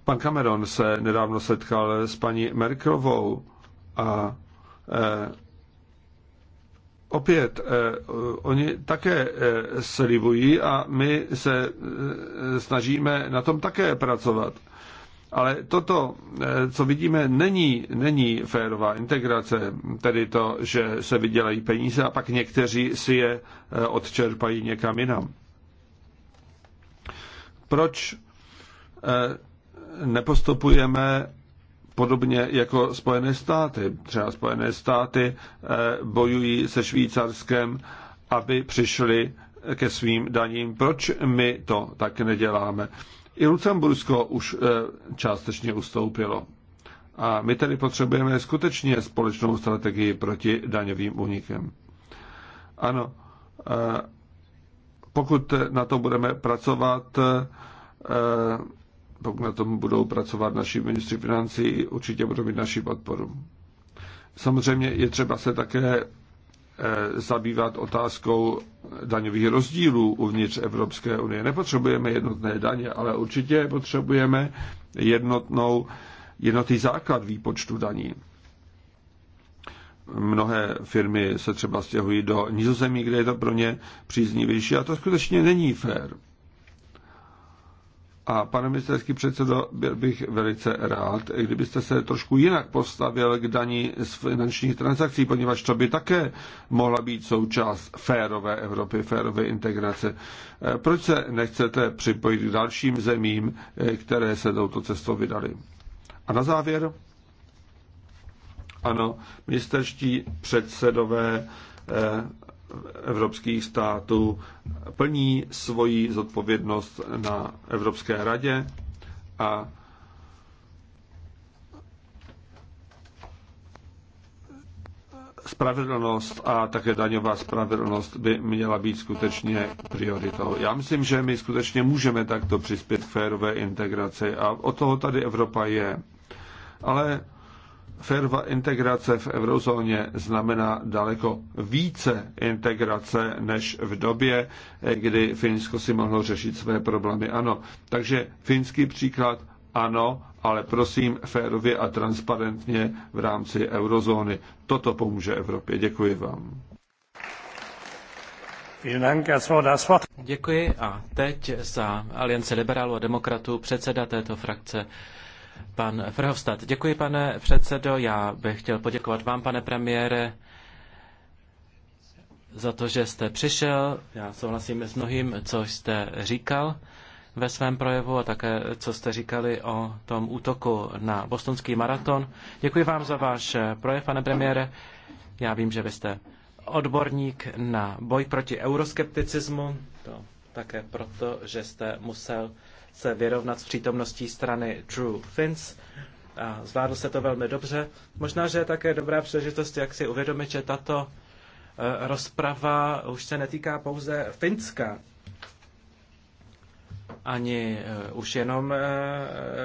Pan Cameron se nedávno setkal s paní Merkelovou a eh, opět, eh, oni také eh, slibují a my se eh, snažíme na tom také pracovat. Ale toto, eh, co vidíme, není, není férová integrace, tedy to, že se vydělají peníze a pak někteří si je eh, odčerpají někam jinam. Proč eh, nepostupujeme podobně jako Spojené státy. Třeba Spojené státy eh, bojují se Švýcarskem, aby přišli ke svým daním. Proč my to tak neděláme? I Lucembursko už eh, částečně ustoupilo. A my tedy potřebujeme skutečně společnou strategii proti daňovým únikem. Ano, eh, pokud na to budeme pracovat, pokud na tom budou pracovat naši ministři financí, určitě budou mít naši podporu. Samozřejmě je třeba se také eh, zabývat otázkou daňových rozdílů uvnitř Evropské unie. Nepotřebujeme jednotné daně, ale určitě potřebujeme jednotnou, jednotný základ výpočtu daní. Mnohé firmy se třeba stěhují do nizozemí, kde je to pro ně příznivější a to skutečně není fér. A pane ministerský předsedo, byl bych velice rád, kdybyste se trošku jinak postavil k daní z finančních transakcí, poněvadž to by také mohla být součást férové Evropy, férové integrace. E, proč se nechcete připojit k dalším zemím, e, které se touto cestou vydali? A na závěr, ano, ministerští předsedové e, evropských států plní svoji zodpovědnost na Evropské radě a spravedlnost a také daňová spravedlnost by měla být skutečně prioritou. Já myslím, že my skutečně můžeme takto přispět k férové integraci a o toho tady Evropa je. Ale férová integrace v eurozóně znamená daleko více integrace než v době, kdy Finsko si mohlo řešit své problémy. Ano, takže finský příklad ano, ale prosím férově a transparentně v rámci eurozóny. Toto pomůže Evropě. Děkuji vám. Děkuji a teď za Aliance liberálů a demokratů předseda této frakce Pan Frhovstad, děkuji pane předsedo, já bych chtěl poděkovat vám, pane premiére, za to, že jste přišel. Já souhlasím s mnohým, co jste říkal ve svém projevu a také, co jste říkali o tom útoku na bostonský maraton. Děkuji vám za váš projev, pane premiére. Já vím, že vy jste odborník na boj proti euroskepticismu, to také proto, že jste musel se vyrovnat s přítomností strany True Fins. A zvládl se to velmi dobře. Možná, že je také dobrá příležitost, jak si uvědomit, že tato e, rozprava už se netýká pouze Finska, ani e, už jenom e,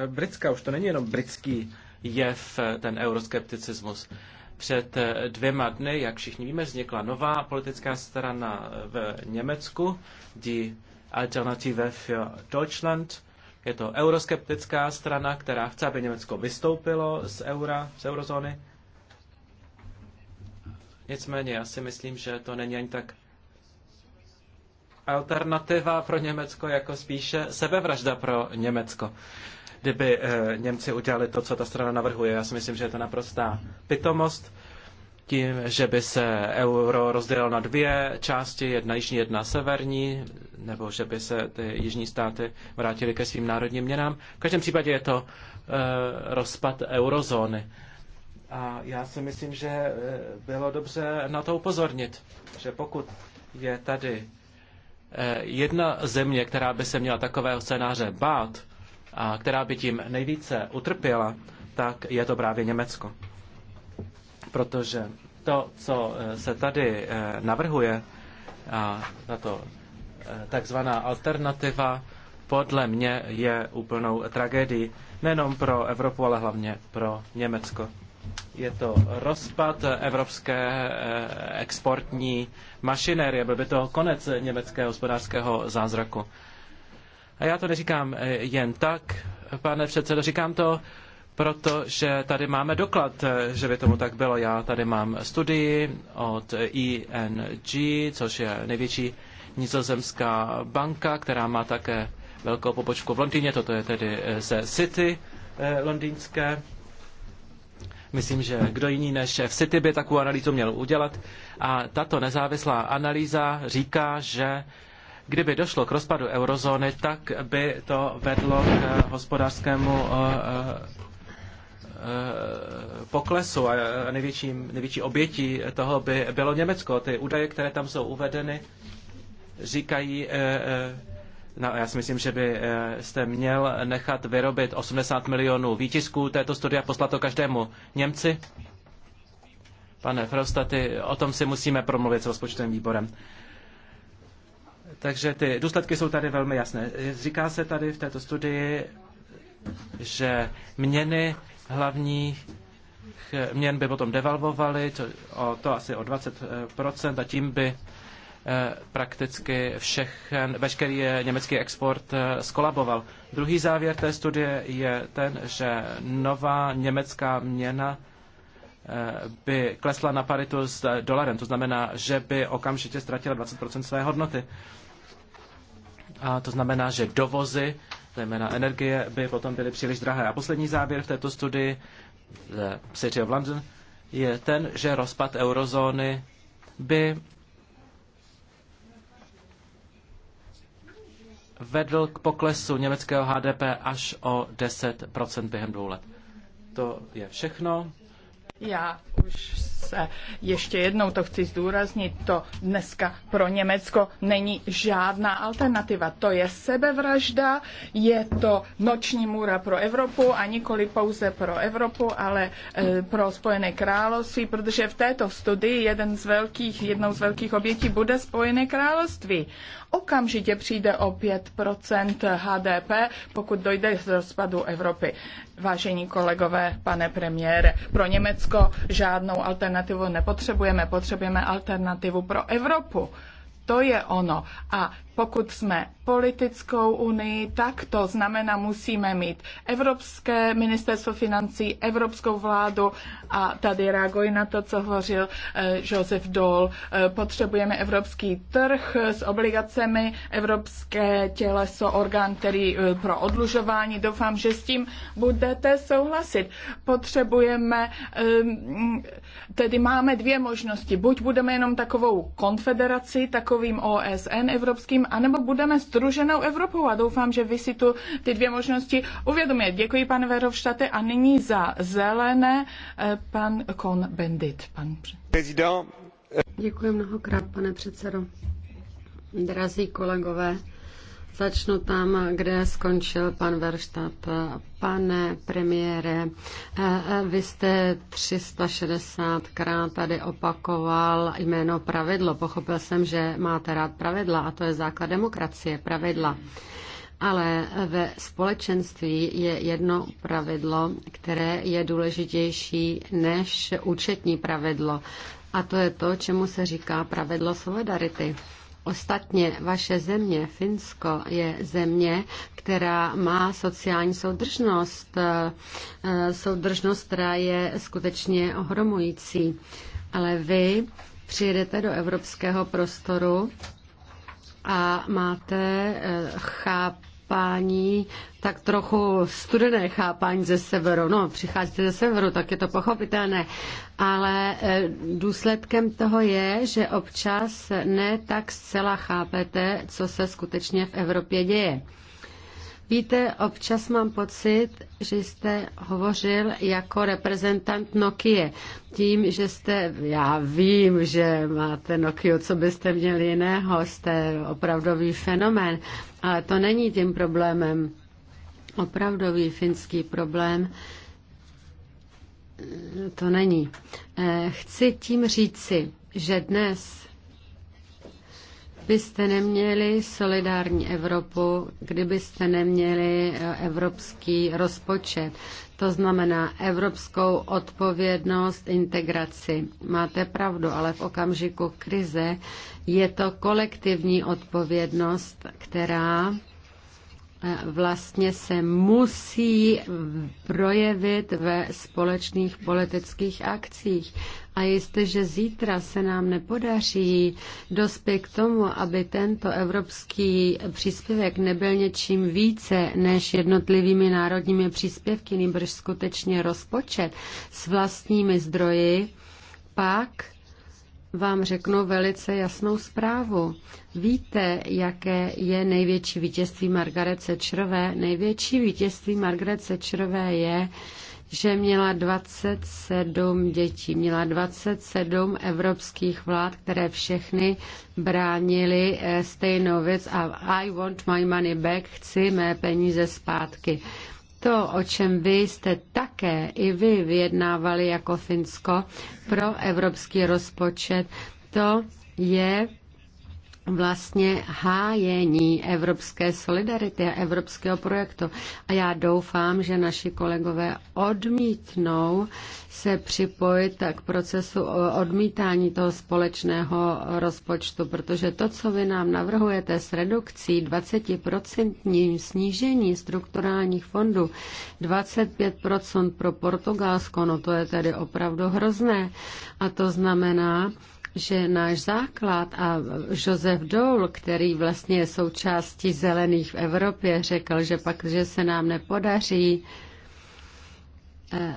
Britska. Už to není jenom britský jev, ten euroskepticismus. Před dvěma dny, jak všichni víme, vznikla nová politická strana v Německu, Die alternative für Deutschland. Je to euroskeptická strana, která chce, aby Německo vystoupilo z eura, z eurozóny. Nicméně já si myslím, že to není ani tak alternativa pro Německo, jako spíše sebevražda pro Německo. Kdyby e, Němci udělali to, co ta strana navrhuje, já si myslím, že je to naprostá pitomost tím, že by se euro rozdělilo na dvě části, jedna jižní, jedna severní, nebo že by se ty jižní státy vrátily ke svým národním měnám. V každém případě je to e, rozpad eurozóny. A já si myslím, že eh, bylo dobře na to upozornit, že pokud je tady eh, jedna země, která by se měla takového scénáře bát a která by tím nejvíce utrpěla, tak je to právě Německo protože to, co eh, se tady eh, navrhuje, a tato eh, takzvaná alternativa, podle mě je úplnou tragédií. Nejenom pro Evropu, ale hlavně pro Německo. Je to rozpad evropské exportní mašinérie, byl by to konec německého hospodářského zázraku. A já to neříkám jen tak, pane předsedo, říkám to protože tady máme doklad, eh, že by tomu tak bylo. Já tady mám studii od ING, což je největší nizozemská banka, která má také velkou pobočku v Londýně, toto je tedy eh, ze City eh, londýnské. Myslím, že kdo jiný než v City by takovou analýzu měl udělat. A tato nezávislá analýza říká, že kdyby došlo k rozpadu eurozóny, tak by to vedlo k hospodářskému Eh, poklesu a největší, největší obětí toho by bylo Německo. Ty údaje, které tam jsou uvedeny, říkají, eh, eh, no, já si myslím, že by jste měl nechat vyrobit 80 milionů výtisků této studie a poslat to každému Němci. Pane Frostaty, o tom si musíme promluvit s rozpočtovým výborem. Takže ty důsledky jsou tady velmi jasné. Říká se tady v této studii, že měny hlavních eh, měn by potom devalvovaly, o to asi o 20%, eh, a tím by eh, prakticky všechen, veškerý německý export skolaboval. Druhý závěr té studie je ten, že nová německá měna by klesla na paritu s dolarem, to znamená, že by okamžitě ztratila 20% své hodnoty. A to znamená, že dovozy zejména energie, by potom byly příliš drahé. A poslední závěr v této studii ze City of London je ten, že rozpad eurozóny by vedl k poklesu německého HDP až o 10% během dvou let. To je všechno. Já už dnes. Ještě jednou to chci zdůraznit, to dneska pro Německo není žádná alternativa. To je sebevražda, je to noční můra pro Evropu a nikoli pouze pro Evropu, ale eh, pro Spojené království, protože v této studii jeden z velkých, jednou z velkých obětí bude Spojené království okamžitě přijde o 5% HDP, pokud dojde k rozpadu Evropy. Vážení kolegové, pane premiére, pro Německo žádnou alternativu nepotřebujeme, potřebujeme alternativu pro Evropu. To je ono. A pokud jsme politickou unii, tak to znamená, musíme mít Evropské ministerstvo financí, Evropskou vládu a tady reaguji na to, co hovořil eh, Josef Dol. Eh, potřebujeme evropský trh s obligacemi, evropské těleso, orgán, který eh, pro odlužování. Doufám, že s tím budete souhlasit. Potřebujeme, ehm, tedy máme dvě možnosti. Buď budeme jenom takovou konfederaci, takovým OSN evropským, Baltským, anebo budeme združenou Evropou. A doufám, že vy si tu ty dvě možnosti uvědomíte. Děkuji, pane Verovštate. A nyní za zelené eh, pan Kon Bendit. Pan... Děkuji mnohokrát, pane předsedo. Drazí kolegové, Začnu tam, kde skončil pan verštap, Pane premiére, vy jste 360krát tady opakoval jméno pravidlo. Pochopil jsem, že máte rád pravidla a to je základ demokracie, pravidla. Ale ve společenství je jedno pravidlo, které je důležitější než účetní pravidlo. A to je to, čemu se říká pravidlo solidarity. Ostatně vaše země, Finsko, je země, která má sociální soudržnost, eh, soudržnost, která je skutečně ohromující. Ale vy přijedete do evropského prostoru a máte eh, cháp chápání, tak trochu studené chápání ze severu. No, přicházíte ze severu, tak je to pochopitelné. Ale e, důsledkem toho je, že občas ne tak zcela chápete, co se skutečně v Evropě děje. Víte, občas mám pocit, že jste hovořil jako reprezentant Nokie. Tím, že jste, já vím, že máte Nokia, co byste měli jiného, jste opravdový fenomén, ale to není tím problémem. Opravdový finský problém eh, to není. Eh, chci tím říci, že dnes byste neměli solidární Evropu, kdybyste neměli eh, evropský rozpočet. To znamená evropskou odpovědnost, integraci. Máte pravdu, ale v okamžiku krize je to kolektivní odpovědnost, která eh, vlastně se musí projevit ve společných politických akcích. A jestliže zítra se nám nepodaří dospět k tomu, aby tento evropský příspěvek nebyl něčím více než jednotlivými národními příspěvky, nebož skutečně rozpočet s vlastními zdroji, pak vám řeknu velice jasnou zprávu. Víte, jaké je největší vítězství Margaret Thatcherové? Největší vítězství Margaret Thatcherové je, že měla 27 dětí, měla 27 evropských vlád, které všechny bránili eh, stejnou věc a I want my money back, chci mé peníze zpátky. To, o čem vy jste také i vy vyjednávali jako Finsko pro evropský rozpočet, to je vlastně hájení evropské solidarity a evropského projektu. A já doufám, že naši kolegové odmítnou se připojit k procesu odmítání toho společného rozpočtu, protože to, co vy nám navrhujete s redukcí 20% snížení strukturálních fondů, 25% pro Portugalsko, no to je tedy opravdu hrozné. A to znamená, že náš základ a Josef Doul, který vlastně je součástí zelených v Evropě, řekl, že pak, že se nám nepodaří eh,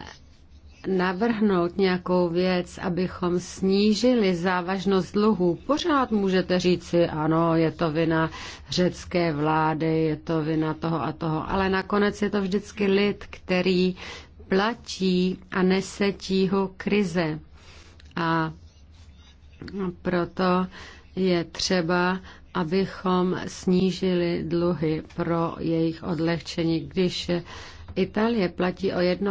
navrhnout nějakou věc, abychom snížili závažnost dluhů. Pořád můžete říci, ano, je to vina řecké vlády, je to vina toho a toho, ale nakonec je to vždycky lid, který platí a nese tího krize. A proto je třeba, abychom snížili dluhy pro jejich odlehčení, když Itálie platí o 1%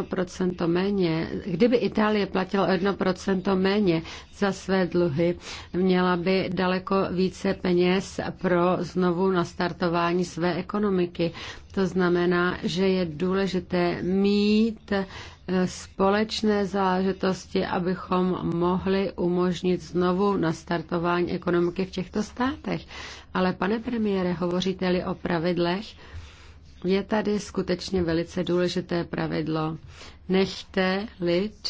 méně, kdyby Itálie platila o 1% méně za své dluhy, měla by daleko více peněz pro znovu nastartování své ekonomiky. To znamená, že je důležité mít eh, společné záležitosti, abychom mohli umožnit znovu nastartování ekonomiky v těchto státech. Ale pane premiére, hovoříte-li o pravidlech, je tady skutečně velice důležité pravidlo. Nechte lid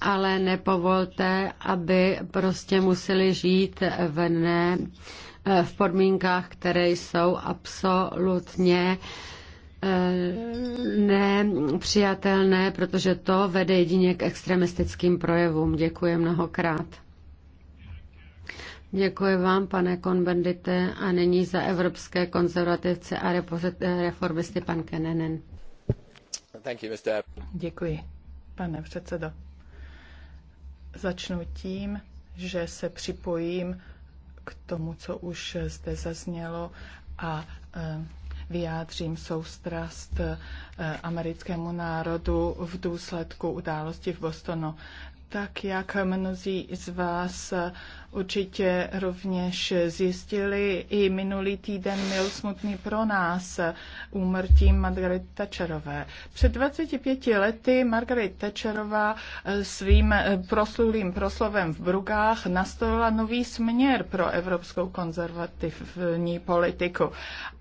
ale nepovolte, aby prostě museli žít v ne, v podmínkách, které jsou absolutně eh, nepřijatelné, protože to vede jedině k extremistickým projevům. Děkuji mnohokrát. Děkuji vám, pane Konbendite, a nyní za evropské konzervativce a reformisty pan Kenenen. Děkuji, pane předsedo. Začnu tím, že se připojím k tomu, co už zde zaznělo a e, vyjádřím soustrast e, americkému národu v důsledku události v Bostonu. Tak jak mnozí z vás Určitě rovněž zjistili i minulý týden byl smutný pro nás úmrtím Margaret Thatcherové. Před 25 lety Margaret Thatcherová eh, svým eh, proslulým proslovem v Brugách nastolila nový směr pro evropskou konzervativní politiku.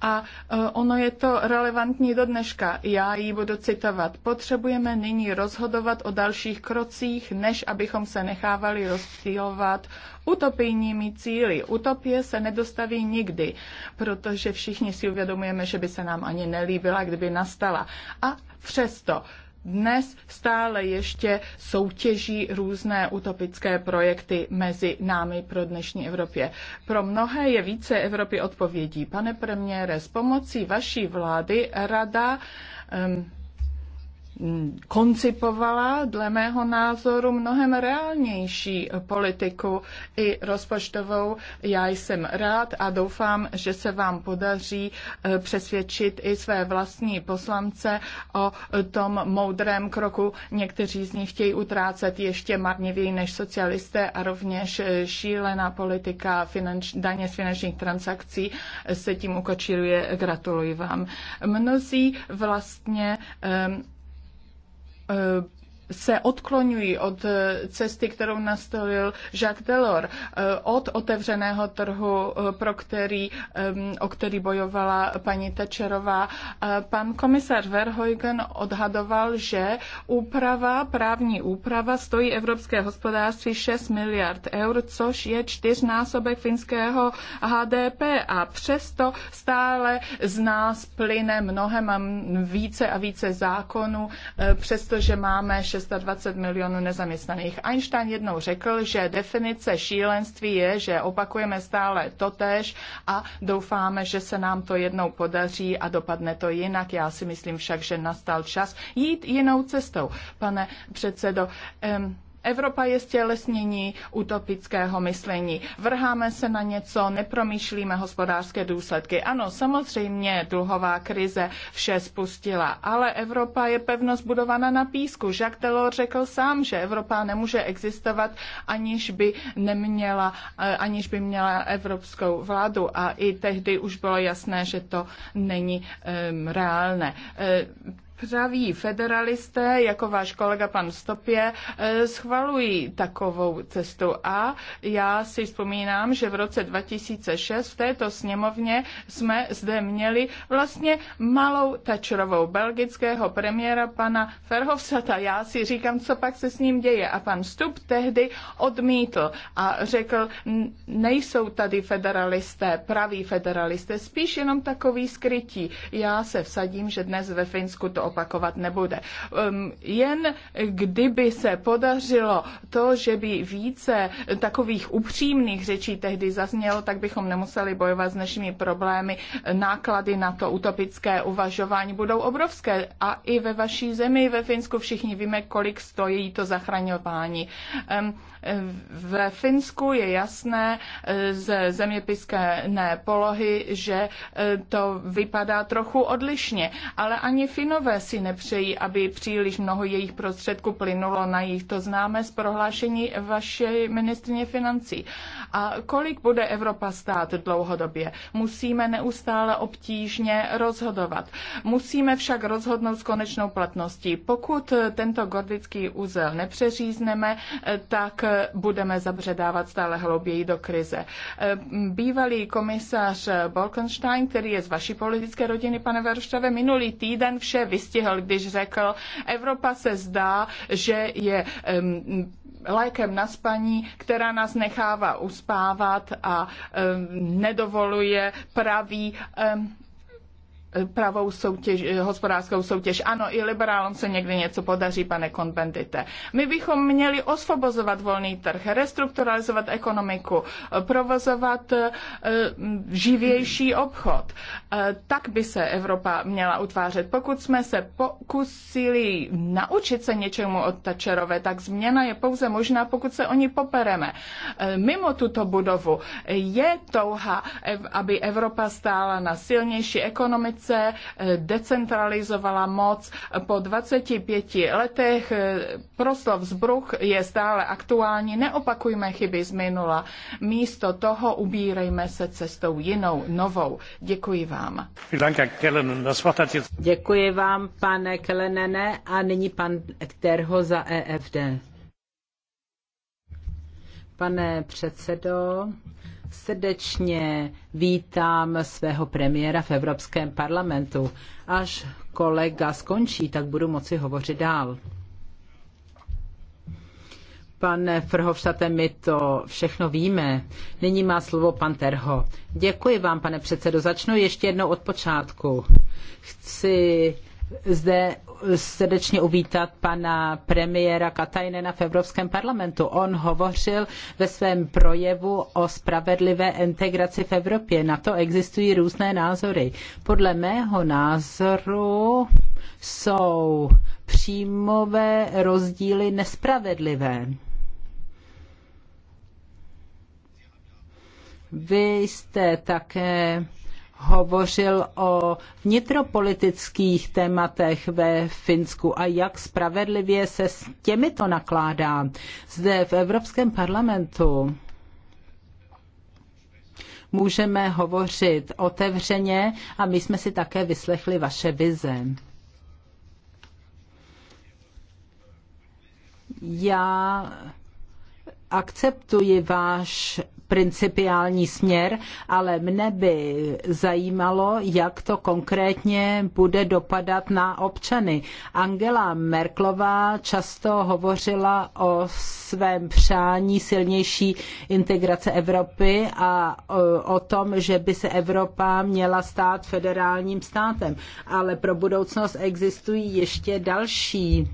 A eh, ono je to relevantní do dneška. Já ji budu citovat. Potřebujeme nyní rozhodovat o dalších krocích, než abychom se nechávali rozstýlovat u utopijními cíly. Utopie se nedostaví nikdy, protože všichni si uvědomujeme, že by se nám ani nelíbila, kdyby nastala. A přesto dnes stále ještě soutěží různé utopické projekty mezi námi pro dnešní Evropě. Pro mnohé je více Evropy odpovědí. Pane premiére, s pomocí vaší vlády rada um, Mm, koncipovala dle mého názoru mnohem reálnější politiku i rozpočtovou. Já jsem rád a doufám, že se vám podaří eh, přesvědčit i své vlastní poslance o tom moudrém kroku. Někteří z nich chtějí utrácet ještě marnivěji než socialisté a rovněž eh, šílená politika finanč, daně z finančních transakcí eh, se tím ukočiluje. Gratuluji vám. Mnozí vlastně um, Uh, se odklonují od eh, cesty, kterou nastolil Jacques Delors, eh, od otevřeného trhu, eh, pro který, o který bojovala paní Tečerová. Pan komisař Verheugen odhadoval, že úprava, právní úprava stojí evropské hospodářství 6 miliard eur, což je čtyřnásobek finského HDP a přesto stále z nás plyne mnohem a více a více zákonů, přestože máme 6 26 milionů nezaměstnaných. Einstein jednou řekl, že definice šílenství je, že opakujeme stále totéž a doufáme, že se nám to jednou podaří a dopadne to jinak. Já si myslím však, že nastal čas jít jinou cestou. Pane předsedo, um, Evropa je stělesnění utopického myšlení. Vrháme se na něco, nepromýšlíme hospodářské důsledky. Ano, samozřejmě dluhová krize vše spustila, ale Evropa je pevnost budovaná na písku. Jacques Delors řekl sám, že Evropa nemůže existovat, aniž by neměla, eh, aniž by měla evropskou vládu a i tehdy už bylo jasné, že to není um, reálné. Uh, praví federalisté, jako váš kolega pan Stopě, eh, schvalují takovou cestu. A já si vzpomínám, že v roce 2006 v této sněmovně jsme zde měli vlastně malou tačrovou belgického premiéra pana Ferhovsata. Já si říkám, co pak se s ním děje. A pan Stup tehdy odmítl a řekl, nejsou tady federalisté, praví federalisté, spíš jenom takový skrytí. Já se vsadím, že dnes ve Finsku to opakovat nebude. Um, jen kdyby se podařilo to, že by více takových upřímných řečí tehdy zaznělo, tak bychom nemuseli bojovat s našimi problémy. Náklady na to utopické uvažování budou obrovské a i ve vaší zemi, ve Finsku všichni víme, kolik stojí to zachraňování. Um, ve Finsku je jasné eh, z zeměpiské polohy, že eh, to vypadá trochu odlišně, ale ani Finové si nepřejí, aby příliš mnoho jejich prostředků plynulo na jich. To známe z prohlášení vaší ministrině financí. A kolik bude Evropa stát dlouhodobě? Musíme neustále obtížně rozhodovat. Musíme však rozhodnout s konečnou platností. Pokud tento gordický úzel nepřeřízneme, tak budeme zabředávat stále hlouběji do krize. Bývalý komisař Bolkenstein, který je z vaší politické rodiny, pane Verštave, minulý týden vše vysvětlil vystihl, když řekl, Evropa se zdá, že je um, lékem na spaní, která nás nechává uspávat a um, nedovoluje pravý um, pravou soutěž, hospodářskou soutěž. Ano, i liberálům se někdy něco podaří, pane konbendite. My bychom měli osvobozovat volný trh, restrukturalizovat ekonomiku, provozovat eh, živější obchod. Eh, tak by se Evropa měla utvářet. Pokud jsme se pokusili naučit se něčemu od Tačerové, tak změna je pouze možná, pokud se o ní popereme. Eh, mimo tuto budovu je touha, aby Evropa stála na silnější ekonomice, Americe eh, decentralizovala moc. Po 25 letech eh, proslov zbruch je stále aktuální. Neopakujme chyby z minula. Místo toho ubírejme se cestou jinou, novou. Děkuji vám. Děkuji vám, pane Kelenene, a nyní pan Etterho za EFD. Pane předsedo, srdečně vítám svého premiéra v Evropském parlamentu. Až kolega skončí, tak budu moci hovořit dál. Pane Frhovštate, my to všechno víme. Nyní má slovo pan Terho. Děkuji vám, pane předsedo. Začnu ještě jednou od počátku. Chci zde srdečně uvítat pana premiéra Katajnena v Evropském parlamentu. On hovořil ve svém projevu o spravedlivé integraci v Evropě. Na to existují různé názory. Podle mého názoru jsou příjmové rozdíly nespravedlivé. Vy jste také hovořil o vnitropolitických tématech ve Finsku a jak spravedlivě se s těmito nakládá. Zde v Evropském parlamentu můžeme hovořit otevřeně a my jsme si také vyslechli vaše vize. Já akceptuji váš principiální směr, ale mne by zajímalo, jak to konkrétně bude dopadat na občany. Angela Merklová často hovořila o svém přání silnější integrace Evropy a o tom, že by se Evropa měla stát federálním státem. Ale pro budoucnost existují ještě další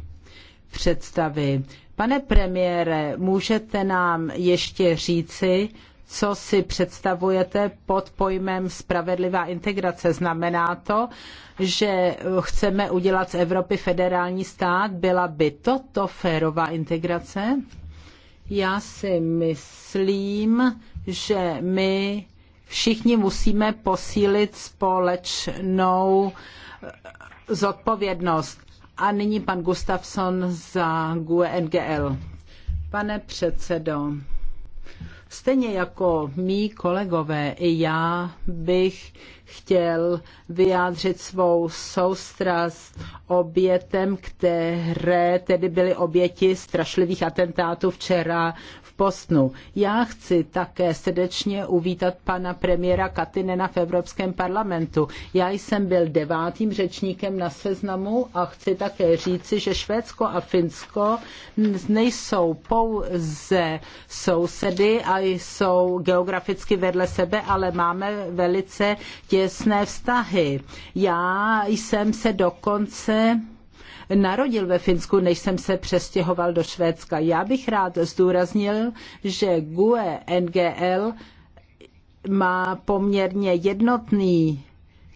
představy. Pane premiére, můžete nám ještě říci, co si představujete pod pojmem spravedlivá integrace. Znamená to, že chceme udělat z Evropy federální stát? Byla by toto férová integrace? Já si myslím, že my všichni musíme posílit společnou zodpovědnost a nyní pan Gustafsson za GUE NGL. Pane předsedo, Stejně jako mý kolegové, i já bych chtěl vyjádřit svou soustrast obětem, které tedy byly oběti strašlivých atentátů včera postnu. Já chci také srdečně uvítat pana premiéra Katinena v Evropském parlamentu. Já jsem byl devátým řečníkem na seznamu a chci také říci, že Švédsko a Finsko nejsou pouze sousedy a jsou geograficky vedle sebe, ale máme velice těsné vztahy. Já jsem se dokonce narodil ve Finsku, než jsem se přestěhoval do Švédska. Já bych rád zdůraznil, že GUE NGL má poměrně jednotný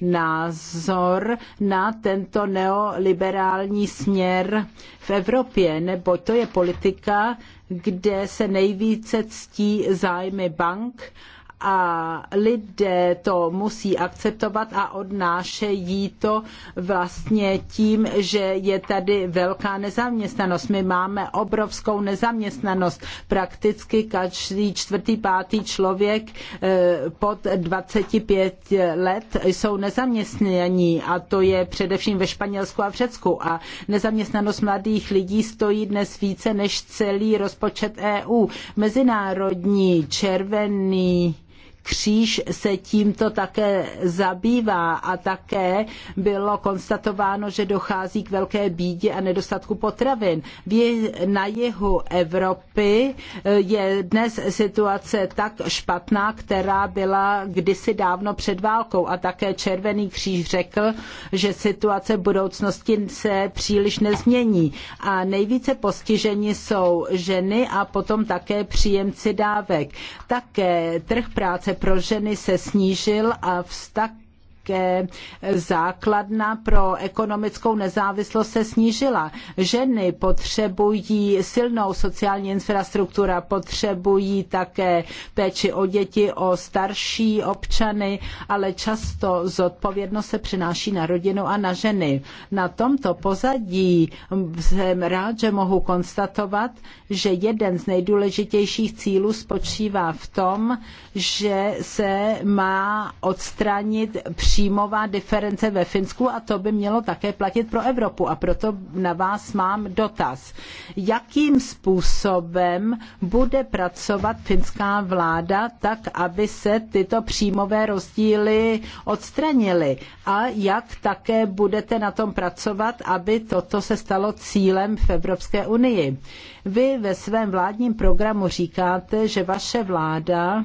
názor na tento neoliberální směr v Evropě, nebo to je politika, kde se nejvíce ctí zájmy bank a lidé to musí akceptovat a odnášejí to vlastně tím, že je tady velká nezaměstnanost. My máme obrovskou nezaměstnanost. Prakticky každý čtvrtý, pátý člověk eh, pod 25 let jsou nezaměstnaní a to je především ve Španělsku a v Řecku. A nezaměstnanost mladých lidí stojí dnes více než celý rozpočet EU. Mezinárodní červený kříž se tímto také zabývá a také bylo konstatováno, že dochází k velké bídě a nedostatku potravin. Na jihu Evropy eh, je dnes situace tak špatná, která byla kdysi dávno před válkou a také Červený kříž řekl, že situace v budoucnosti se příliš nezmění a nejvíce postiženi jsou ženy a potom také příjemci dávek. Také trh práce pro ženy se snížil a vztah také základna pro ekonomickou nezávislost se snížila. Ženy potřebují silnou sociální infrastrukturu, potřebují také péči o děti, o starší občany, ale často zodpovědnost se přenáší na rodinu a na ženy. Na tomto pozadí jsem rád, že mohu konstatovat, že jeden z nejdůležitějších cílů spočívá v tom, že se má odstranit příležitost příjmová diference ve Finsku a to by mělo také platit pro Evropu. A proto na vás mám dotaz. Jakým způsobem bude pracovat finská vláda tak, aby se tyto příjmové rozdíly odstranily? A jak také budete na tom pracovat, aby toto se stalo cílem v Evropské unii? Vy ve svém vládním programu říkáte, že vaše vláda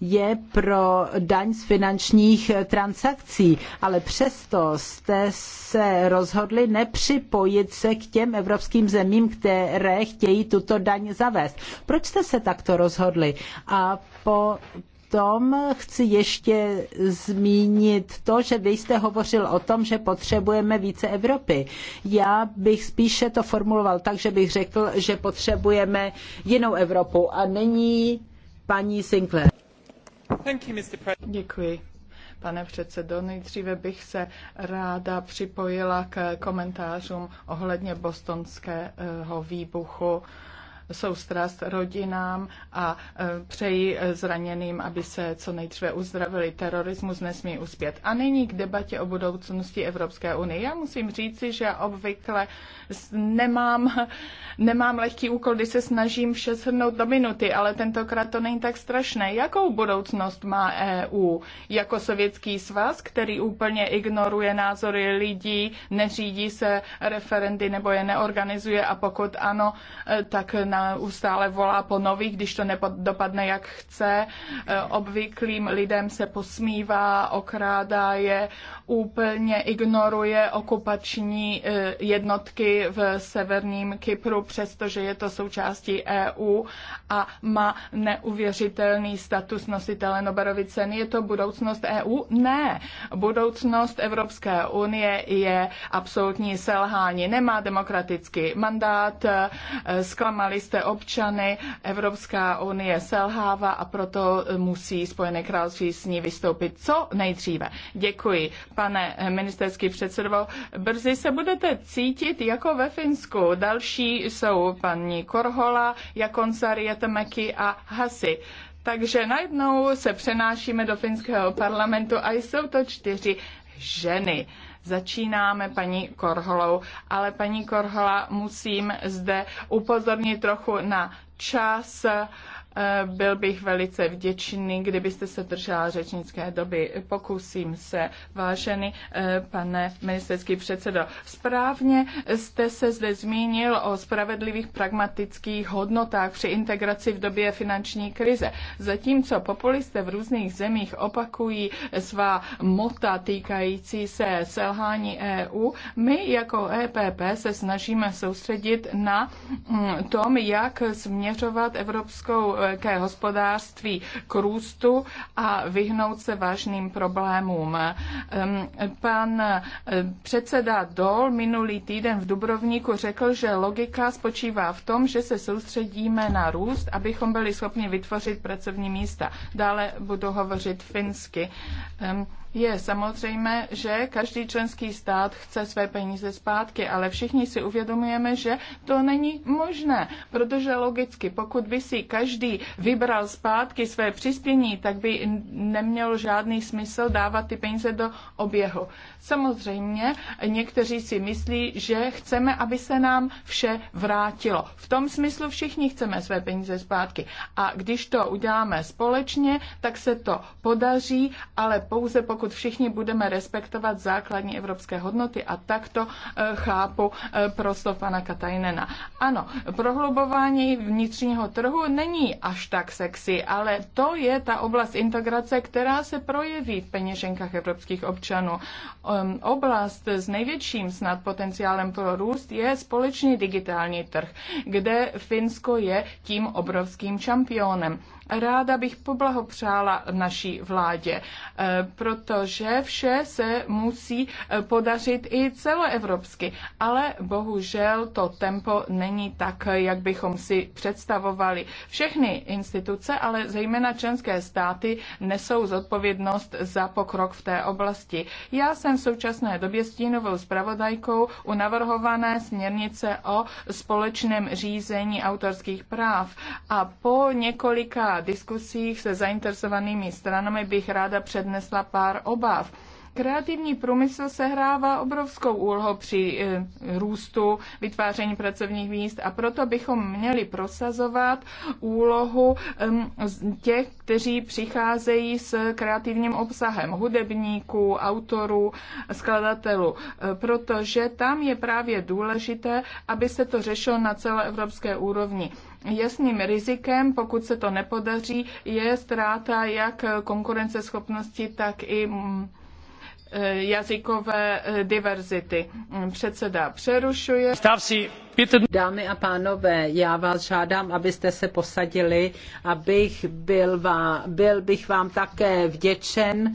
je pro daň z finančních transakcí, ale přesto jste se rozhodli nepřipojit se k těm evropským zemím, které chtějí tuto daň zavést. Proč jste se takto rozhodli? A po tom chci ještě zmínit to, že vy jste hovořil o tom, že potřebujeme více Evropy. Já bych spíše to formuloval tak, že bych řekl, že potřebujeme jinou Evropu a není paní Sinclair. Děkuji. Pane předsedo, nejdříve bych se ráda připojila k komentářům ohledně bostonského výbuchu soustrast rodinám a e, přeji e, zraněným, aby se co nejdříve uzdravili. Terorismus nesmí uspět. A nyní k debatě o budoucnosti Evropské unie. Já musím říci, že obvykle nemám, nemám lehký úkol, když se snažím vše shrnout do minuty, ale tentokrát to není tak strašné. Jakou budoucnost má EU? Jako sovětský svaz, který úplně ignoruje názory lidí, neřídí se referendy nebo je neorganizuje a pokud ano, e, tak na neustále volá po nových, když to nedopadne jak chce. E, obvyklým lidem se posmívá, okrádá je, úplně ignoruje okupační e, jednotky v severním Kypru, přestože je to součástí EU a má neuvěřitelný status nositele Nobelovy ceny. Je to budoucnost EU? Ne. Budoucnost Evropské unie je absolutní selhání. Nemá demokratický mandát, e, zklamali jste občany, Evropská unie selhává a proto musí Spojené království s ní vystoupit co nejdříve. Děkuji, pane ministerský předsedo. Brzy se budete cítit jako ve Finsku. Další jsou paní Korhola, Jakonsariet Meky a Hasi. Takže najednou se přenášíme do finského parlamentu a jsou to čtyři ženy. Začínáme paní Korholou, ale paní Korhola musím zde upozornit trochu na čas Eh, byl bych velice vděčný, kdybyste se držela řečnické doby. Pokusím se, vážený eh, pane ministerský předsedo. Správně jste se zde zmínil o spravedlivých pragmatických hodnotách při integraci v době finanční krize. Zatímco populisté v různých zemích opakují svá mota týkající se selhání EU, my jako EPP se snažíme soustředit na mm, tom, jak směřovat evropskou ke hospodářství, k růstu a vyhnout se vážným problémům. Pan eh, předseda Dol minulý týden v Dubrovníku řekl, že logika spočívá v tom, že se soustředíme na růst, abychom byli schopni vytvořit pracovní místa. Dále budu hovořit finsky. Je samozřejmé, že každý členský stát chce své peníze zpátky, ale všichni si uvědomujeme, že to není možné, protože logicky, pokud by si každý vybral zpátky své přispění, tak by neměl žádný smysl dávat ty peníze do oběhu. Samozřejmě někteří si myslí, že chceme, aby se nám vše vrátilo. V tom smyslu všichni chceme své peníze zpátky. A když to uděláme společně, tak se to podaří, ale pouze pokud pokud všichni budeme respektovat základní evropské hodnoty a takto eh, chápu eh, proslov pana Katajnena. Ano, prohlubování vnitřního trhu není až tak sexy, ale to je ta oblast integrace, která se projeví v peněženkách evropských občanů. Ehm, oblast s největším snad potenciálem pro růst je společný digitální trh, kde Finsko je tím obrovským čampionem. Ráda bych poblahopřála naší vládě, eh, protože vše se musí eh, podařit i celoevropsky, ale bohužel to tempo není tak, jak bychom si představovali. Všechny instituce, ale zejména členské státy nesou zodpovědnost za pokrok v té oblasti. Já jsem v současné době stínovou zpravodajkou u navrhované směrnice o společném řízení autorských práv a po několika diskusích se zainteresovanými stranami bych ráda přednesla pár obav Kreativní průmysl sehrává obrovskou úlohu při eh, růstu, vytváření pracovních míst a proto bychom měli prosazovat úlohu těch, kteří přicházejí s kreativním obsahem, hudebníků, autorů, skladatelů, eh, protože tam je právě důležité, aby se to řešilo na celoevropské úrovni. Jasným rizikem, pokud se to nepodaří, je ztráta jak konkurenceschopnosti, tak i mm, jazykové eh, diverzity. Mm, předseda přerušuje. Dámy a pánové, já vás žádám, abyste se posadili, abych byl, vám, byl bych vám také vděčen,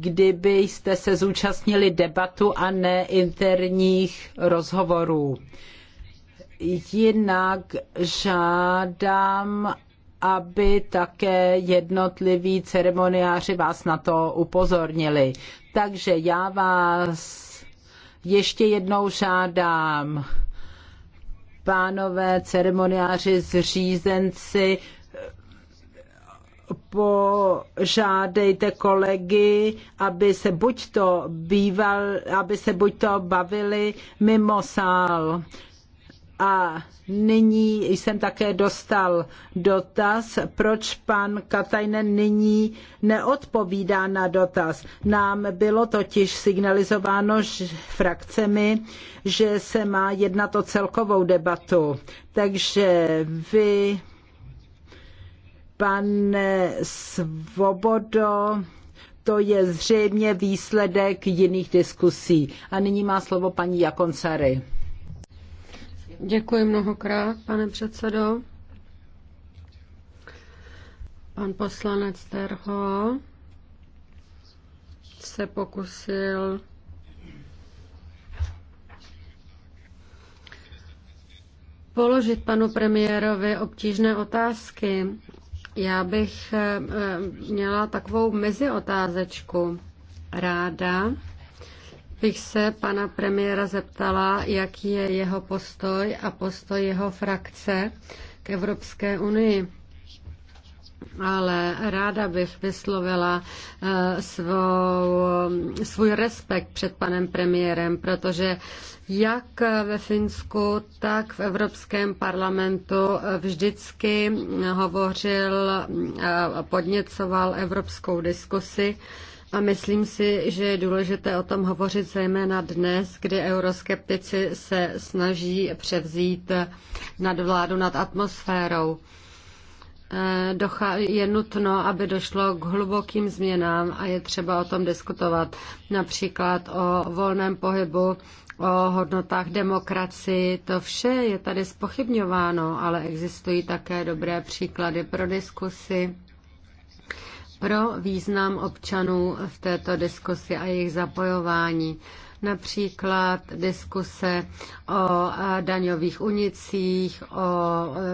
kdybyste se zúčastnili debatu a ne interních rozhovorů. Jinak žádám, aby také jednotliví ceremoniáři vás na to upozornili. Takže já vás ještě jednou žádám, pánové ceremoniáři, zřízenci, požádejte kolegy, aby se buď to býval, aby se buď to bavili mimo sál. A nyní jsem také dostal dotaz, proč pan Katajnen nyní neodpovídá na dotaz. Nám bylo totiž signalizováno že frakcemi, že se má jednat o celkovou debatu. Takže vy, pane Svobodo, to je zřejmě výsledek jiných diskusí. A nyní má slovo paní Jakoncary. Děkuji mnohokrát, pane předsedo. Pan poslanec Terho se pokusil položit panu premiérovi obtížné otázky. Já bych eh, měla takovou meziotázečku ráda bych se pana premiéra zeptala, jaký je jeho postoj a postoj jeho frakce k Evropské unii. Ale ráda bych vyslovila eh, svou, eh, svůj respekt před panem premiérem, protože jak ve Finsku, tak v Evropském parlamentu eh, vždycky hovořil a podněcoval evropskou diskusi a myslím si, že je důležité o tom hovořit zejména dnes, kdy euroskeptici se snaží převzít nadvládu nad atmosférou. Eh, je nutno, aby došlo k hlubokým změnám a je třeba o tom diskutovat, například o volném pohybu, o hodnotách demokracii. To vše je tady spochybňováno, ale existují také dobré příklady pro diskusy pro význam občanů v této diskusi a jejich zapojování. Například diskuse o e, daňových unicích, o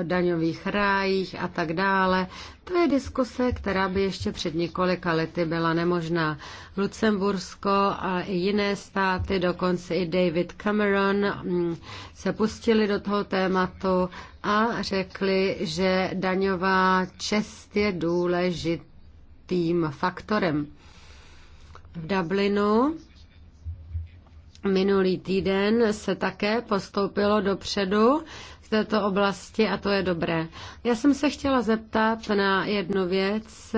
e, daňových rájích a tak dále. To je diskuse, která by ještě před několika lety byla nemožná. Lucembursko a i jiné státy, dokonce i David Cameron, mm, se pustili do toho tématu a řekli, že daňová čest je důležitá tím faktorem. V Dublinu minulý týden se také postoupilo dopředu v této oblasti a to je dobré. Já jsem se chtěla zeptat na jednu věc,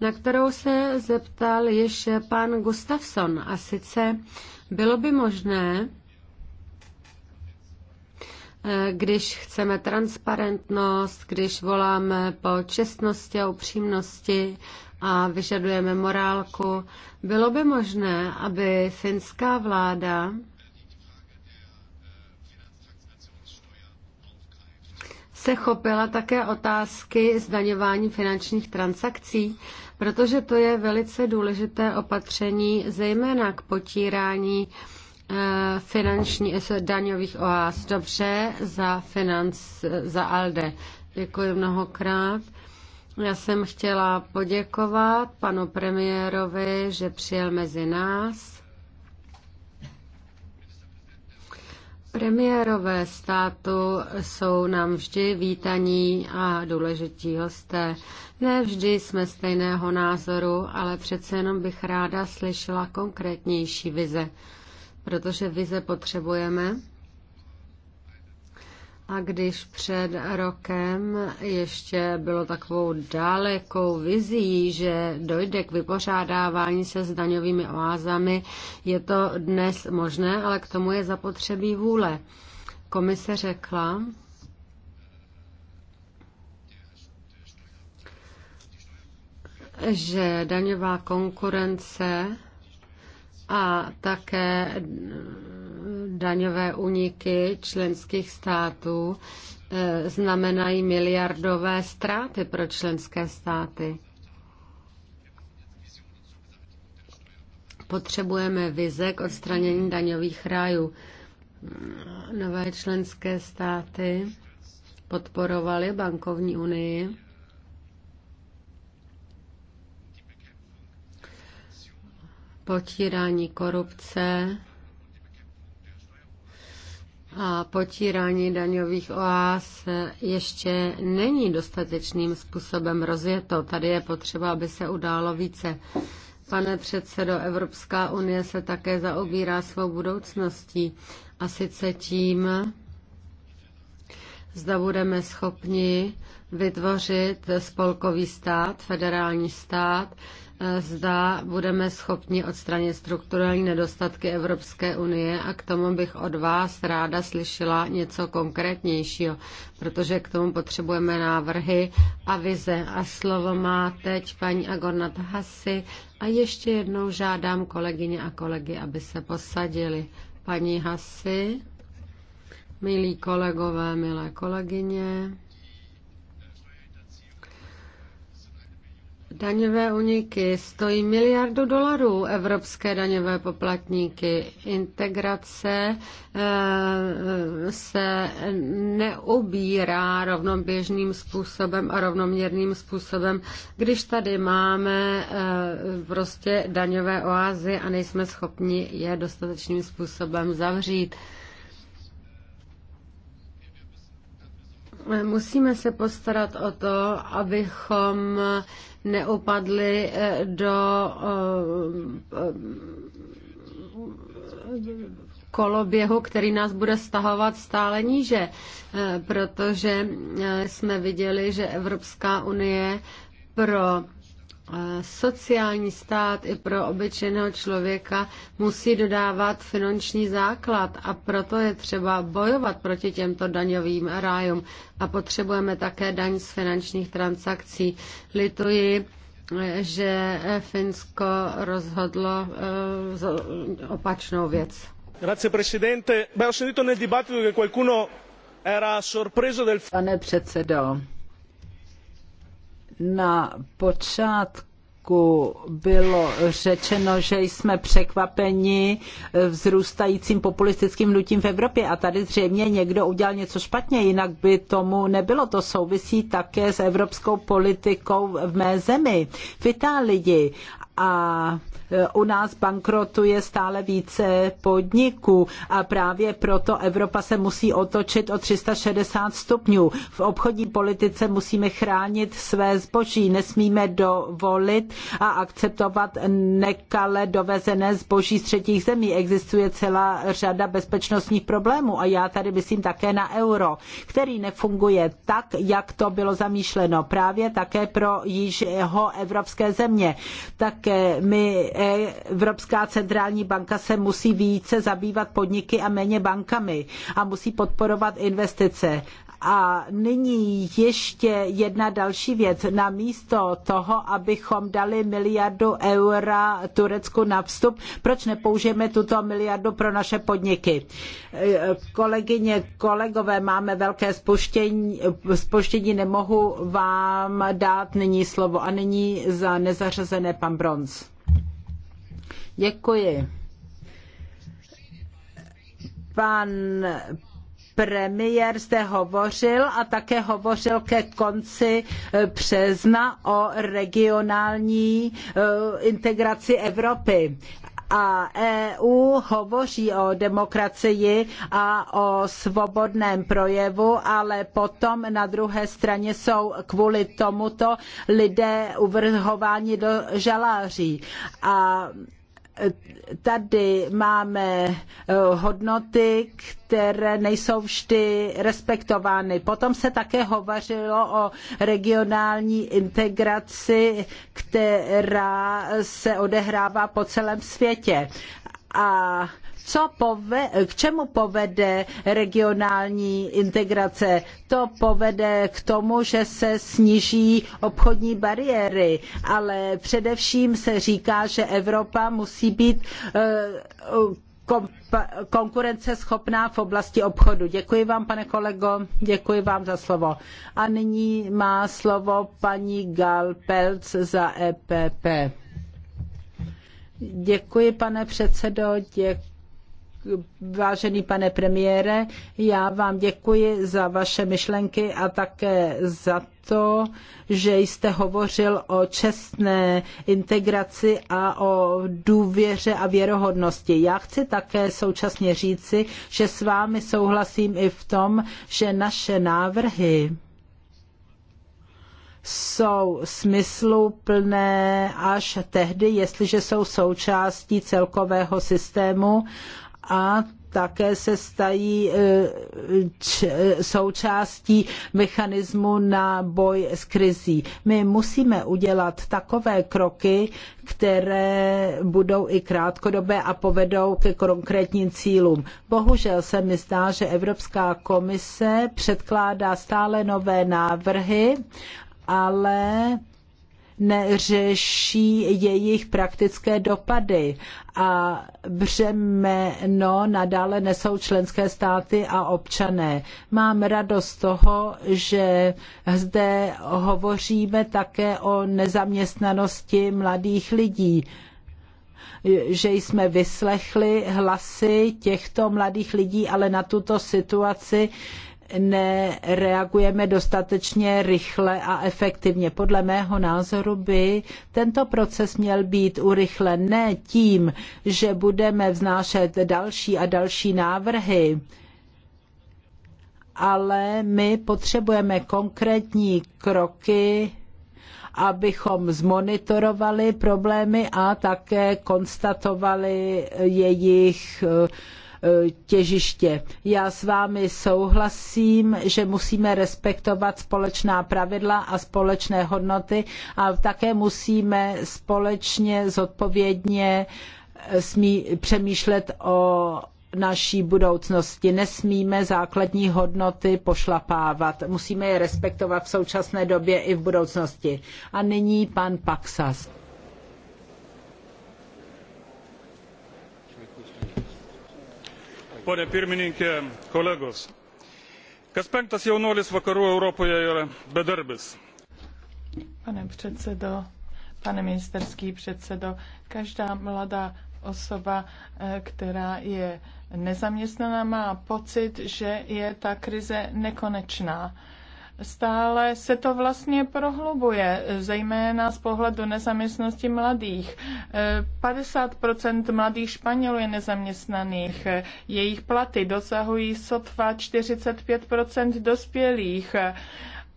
na kterou se zeptal již pan Gustafsson a sice bylo by možné, když chceme transparentnost, když voláme po čestnosti a upřímnosti, a vyžadujeme morálku. Bylo by možné, aby finská vláda se chopila také otázky zdaňování finančních transakcí, protože to je velice důležité opatření, zejména k potírání eh, finanční eh, daňových oáz. Dobře, za, finance, za ALDE. Děkuji mnohokrát. Já jsem chtěla poděkovat panu premiérovi, že přijel mezi nás. Premiérové státu jsou nám vždy vítaní a důležití hosté. Ne vždy jsme stejného názoru, ale přece jenom bych ráda slyšela konkrétnější vize, protože vize potřebujeme. A když před rokem ještě bylo takovou dalekou vizí, že dojde k vypořádávání se s daňovými oázami, je to dnes možné, ale k tomu je zapotřebí vůle. Komise řekla, že daňová konkurence a také daňové úniky členských států eh, znamenají miliardové ztráty pro členské státy. Potřebujeme vize k odstranění daňových rájů. Nové členské státy podporovaly bankovní unii. Potírání korupce a potírání daňových oáz ještě není dostatečným způsobem rozjeto. Tady je potřeba, aby se událo více. Pane předsedo, Evropská unie se také zaobírá svou budoucností a sice tím, zda budeme schopni vytvořit spolkový stát, federální stát, zda budeme schopni odstranit strukturální nedostatky Evropské unie a k tomu bych od vás ráda slyšela něco konkrétnějšího, protože k tomu potřebujeme návrhy a vize. A slovo má teď paní Agornat Hasi a ještě jednou žádám kolegyně a kolegy, aby se posadili. Paní Hasi, milí kolegové, milé kolegyně. Daňové uniky stojí miliardu dolarů evropské daňové poplatníky. Integrace eh, se neubírá rovnoběžným způsobem a rovnoměrným způsobem, když tady máme eh, prostě daňové oázy a nejsme schopni je dostatečným způsobem zavřít. Musíme se postarat o to, abychom neupadli eh, do eh, koloběhu, který nás bude stahovat stále níže, eh, protože jsme viděli, že Evropská unie pro sociální stát i pro obyčejného člověka musí dodávat finanční základ a proto je třeba bojovat proti těmto daňovým rájům a potřebujeme také daň z finančních transakcí. Lituji, že Finsko rozhodlo eh, opačnou věc. Grazie Presidente. Beh, ho sentito nel dibattito che qualcuno era sorpreso del... Pane předsedo, na počátku bylo řečeno, že jsme překvapeni vzrůstajícím populistickým hnutím v Evropě a tady zřejmě někdo udělal něco špatně, jinak by tomu nebylo. To souvisí také s evropskou politikou v mé zemi, v Itálii. A u nás bankrotuje stále více podniků a právě proto Evropa se musí otočit o 360 stupňů. V obchodní politice musíme chránit své zboží, nesmíme dovolit a akceptovat nekale dovezené zboží z třetích zemí. Existuje celá řada bezpečnostních problémů a já tady myslím také na euro, který nefunguje tak, jak to bylo zamýšleno právě také pro jižho evropské země. Také my E, Evropská centrální banka se musí více zabývat podniky a méně bankami a musí podporovat investice. A nyní ještě jedna další věc. Na místo toho, abychom dali miliardu eur Turecku na vstup, proč nepoužijeme tuto miliardu pro naše podniky? E, kolegyně, kolegové, máme velké spuštění, spuštění nemohu vám dát nyní slovo. A nyní za nezařazené pan Bronz. Děkuji. Pan premiér zde hovořil a také hovořil ke konci eh, března o regionální eh, integraci Evropy a EU hovoří o demokracii a o svobodném projevu, ale potom na druhé straně jsou kvůli tomuto lidé uvrhováni do žaláří. A tady máme eh, hodnoty, které nejsou vždy respektovány. Potom se také hovořilo o regionální integraci, která se odehrává po celém světě. A co pove, k čemu povede regionální integrace? To povede k tomu, že se sníží obchodní bariéry, ale především se říká, že Evropa musí být eh, konkurenceschopná v oblasti obchodu. Děkuji vám, pane kolego, děkuji vám za slovo. A nyní má slovo paní Gal Pelc za EPP. Děkuji, pane předsedo, děkuji Vážený pane premiére, já vám děkuji za vaše myšlenky a také za to, že jste hovořil o čestné integraci a o důvěře a věrohodnosti. Já chci také současně říci, že s vámi souhlasím i v tom, že naše návrhy jsou smysluplné až tehdy, jestliže jsou součástí celkového systému a také se stají e, součástí mechanismu na boj s krizí. My musíme udělat takové kroky, které budou i krátkodobé a povedou ke konkrétním cílům. Bohužel se mi zdá, že Evropská komise předkládá stále nové návrhy, ale neřeší jejich praktické dopady a břemeno nadále nesou členské státy a občané. Mám radost toho, že zde hovoříme také o nezaměstnanosti mladých lidí že jsme vyslechli hlasy těchto mladých lidí, ale na tuto situaci nereagujeme dostatečně rychle a efektivně. Podle mého názoru by tento proces měl být urychlen ne tím, že budeme vznášet další a další návrhy, ale my potřebujeme konkrétní kroky, abychom zmonitorovali problémy a také konstatovali jejich uh, těžiště. Já s vámi souhlasím, že musíme respektovat společná pravidla a společné hodnoty a také musíme společně zodpovědně eh, smí, přemýšlet o naší budoucnosti. Nesmíme základní hodnoty pošlapávat. Musíme je respektovat v současné době i v budoucnosti. A nyní pan Paksas. pone pirmininke kolegos kas penktas jaunuolis vakarų europoje je bedarbis. pane předsedo pane ministerský předsedo každá mladá osoba eh, která je nezaměstnaná má pocit že je ta krize nekonečná stále se to vlastně prohlubuje, zejména z pohledu nezaměstnosti mladých. 50% eh, mladých Španělů je nezaměstnaných, jejich platy dosahují sotva 45% dospělých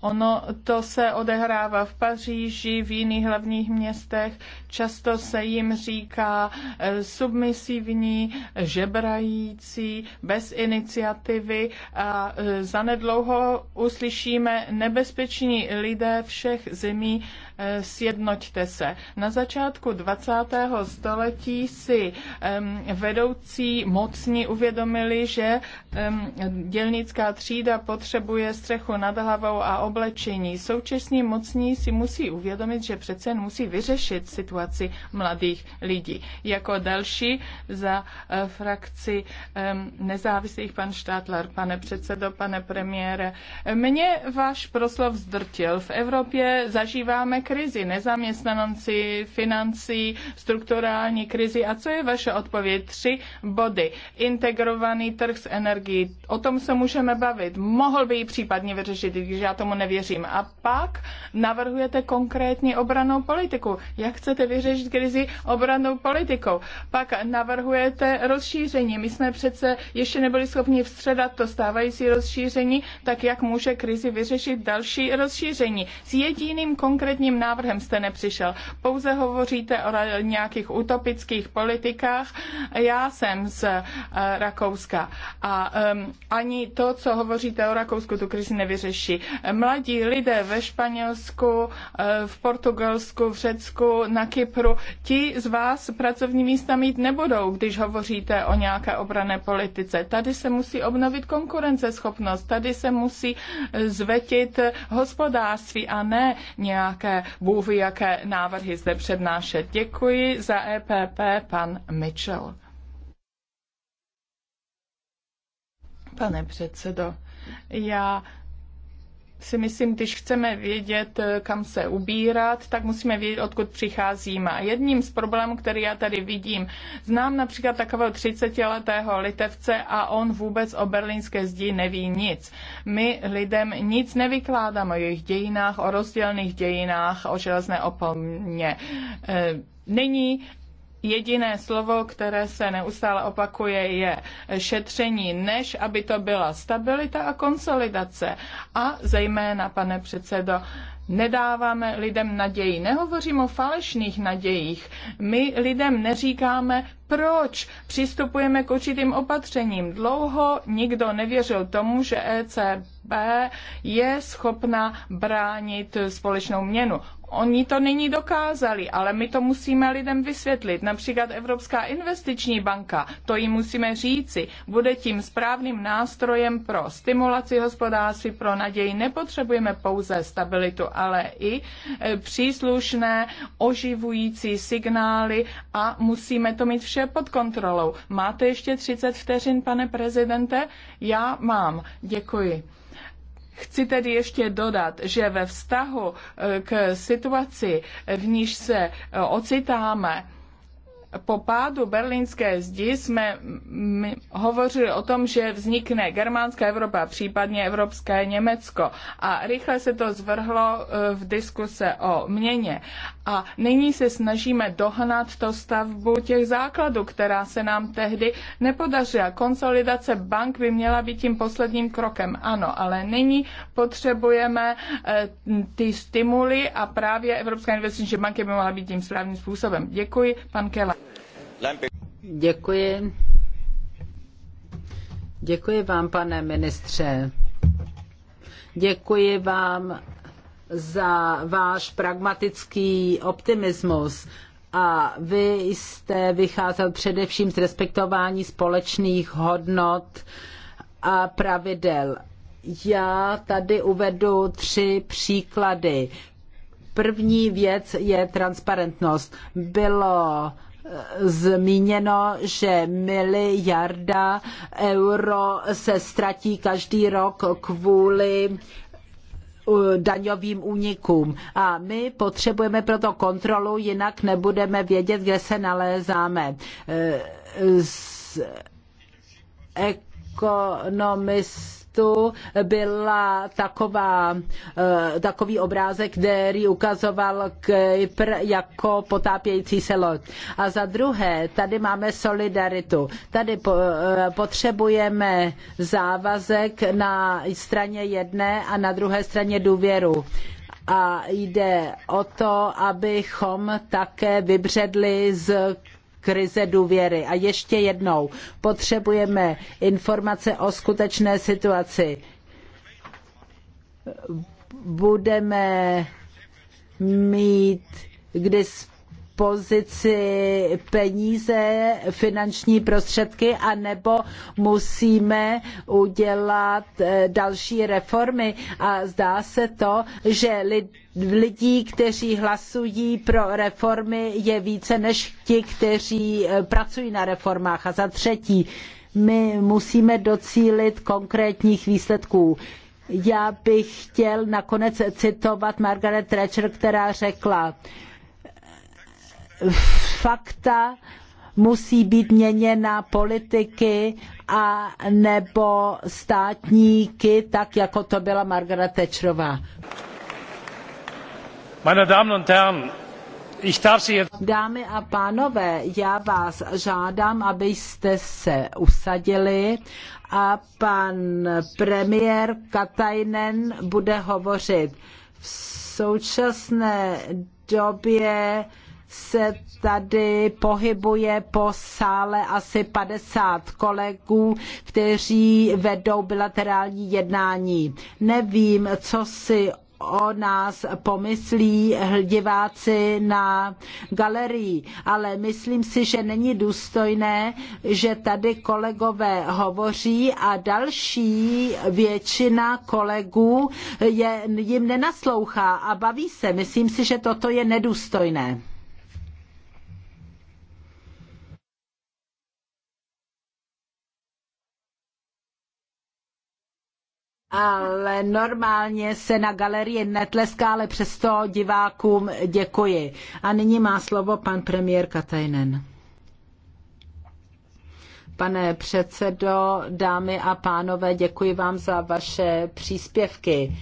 Ono to se odehrává v Paříži, v jiných hlavních městech. Často se jim říká eh, submisivní, žebrající, bez iniciativy a eh, zanedlouho uslyšíme nebezpeční lidé všech zemí sjednoťte se. Na začátku 20. století si vedoucí mocní uvědomili, že dělnická třída potřebuje střechu nad hlavou a oblečení. Současní mocní si musí uvědomit, že přece musí vyřešit situaci mladých lidí. Jako další za eh, frakci nezávislých pan Štátler, pane předsedo, pane premiére. Mě váš proslov zdrtil. V Evropě zažíváme krizi, nezaměstnanosti, financí, strukturální krizi. A co je vaše odpověď? Tři body. Integrovaný trh s energií. O tom se můžeme bavit. Mohl by ji případně vyřešit, když já tomu nevěřím. A pak navrhujete konkrétní obranou politiku. Jak chcete vyřešit krizi obranou politikou? Pak navrhujete rozšíření. My jsme přece ještě nebyli schopni vstředat to stávající rozšíření, tak jak může krizi vyřešit další rozšíření? S jediným konkrétním návrhem jste nepřišel. Pouze hovoříte o nějakých utopických politikách. Já jsem z eh, Rakouska a ehm, ani to, co hovoříte o Rakousku, tu krizi nevyřeší. Mladí lidé ve Španělsku, eh, v Portugalsku, v Řecku, na Kypru, ti z vás pracovní místa mít nebudou, když hovoříte o nějaké obrané politice. Tady se musí obnovit konkurenceschopnost, tady se musí eh, zvetit hospodářství a ne nějaké Bůh ví, jaké návrhy zde přednášet. Děkuji za EPP, pan Mitchell. Pane předsedo, já si myslím, když chceme vědět, eh, kam se ubírat, tak musíme vědět, odkud přicházíme. A jedním z problémů, který já tady vidím, znám například takového 30-letého litevce a on vůbec o berlínské zdi neví nic. My lidem nic nevykládáme o jejich dějinách, o rozdělných dějinách, o železné opomně. Eh, Není Jediné slovo, které se neustále opakuje, je šetření, než aby to byla stabilita a konsolidace. A zejména, pane předsedo, nedáváme lidem naději. Nehovořím o falešných nadějích. My lidem neříkáme, proč přistupujeme k určitým opatřením. Dlouho nikdo nevěřil tomu, že ECB je schopna bránit společnou měnu. Oni to nyní dokázali, ale my to musíme lidem vysvětlit. Například Evropská investiční banka, to jim musíme říci, bude tím správným nástrojem pro stimulaci hospodářství, pro naději. Nepotřebujeme pouze stabilitu, ale i e, příslušné oživující signály a musíme to mít vše pod kontrolou. Máte ještě 30 vteřin, pane prezidente? Já mám. Děkuji. Chci tedy ještě dodat, že ve vztahu eh, k situaci, v níž se eh, ocitáme, po pádu berlínské zdi jsme hovořili o tom, že vznikne germánská Evropa, případně evropské Německo. A rychle se to zvrhlo eh, v diskuse o měně. A nyní se snažíme dohnat to stavbu těch základů, která se nám tehdy nepodařila. Konsolidace bank by měla být tím posledním krokem, ano, ale nyní potřebujeme eh, ty stimuly a právě Evropská investiční banka by mohla být tím správným způsobem. Děkuji, pan Kela. Děkuji. Děkuji vám, pane ministře. Děkuji vám za váš pragmatický optimismus a vy jste vycházel především z respektování společných hodnot a pravidel. Já tady uvedu tři příklady. První věc je transparentnost. Bylo eh, zmíněno, že miliarda euro se ztratí každý rok kvůli daňovým únikům. A my potřebujeme proto kontrolu, jinak nebudeme vědět, kde se nalézáme. E, z ekonomist internetu byla taková, eh, takový obrázek, který ukazoval Kypr jako potápějící se loď. A za druhé, tady máme solidaritu. Tady eh, potřebujeme závazek na straně jedné a na druhé straně důvěru a jde o to, abychom také vybředli z krize důvěry. A ještě jednou, potřebujeme informace o skutečné situaci. Budeme mít k dispozici dispozici peníze, finanční prostředky, anebo musíme udělat eh, další reformy. A zdá se to, že lidí, kteří hlasují pro reformy, je více než ti, kteří eh, pracují na reformách. A za třetí, my musíme docílit konkrétních výsledků. Já bych chtěl nakonec citovat Margaret Thatcher, která řekla, fakta musí být měněna politiky a nebo státníky, tak jako to byla Margaret Thatcherová. Meine Damen und Herren, ich darf Sie jetzt... Dámy a pánové, já vás žádám, abyste se usadili a pan premiér Katajnen bude hovořit. V současné době se tady pohybuje po sále asi 50 kolegů, kteří vedou bilaterální jednání. Nevím, co si o nás pomyslí diváci na galerii, ale myslím si, že není důstojné, že tady kolegové hovoří a další většina kolegů je, jim nenaslouchá a baví se. Myslím si, že toto je nedůstojné. ale normálně se na galerii netleská, ale přesto divákům děkuji. A nyní má slovo pan premiér Katajnen. Pane předsedo, dámy a pánové, děkuji vám za vaše příspěvky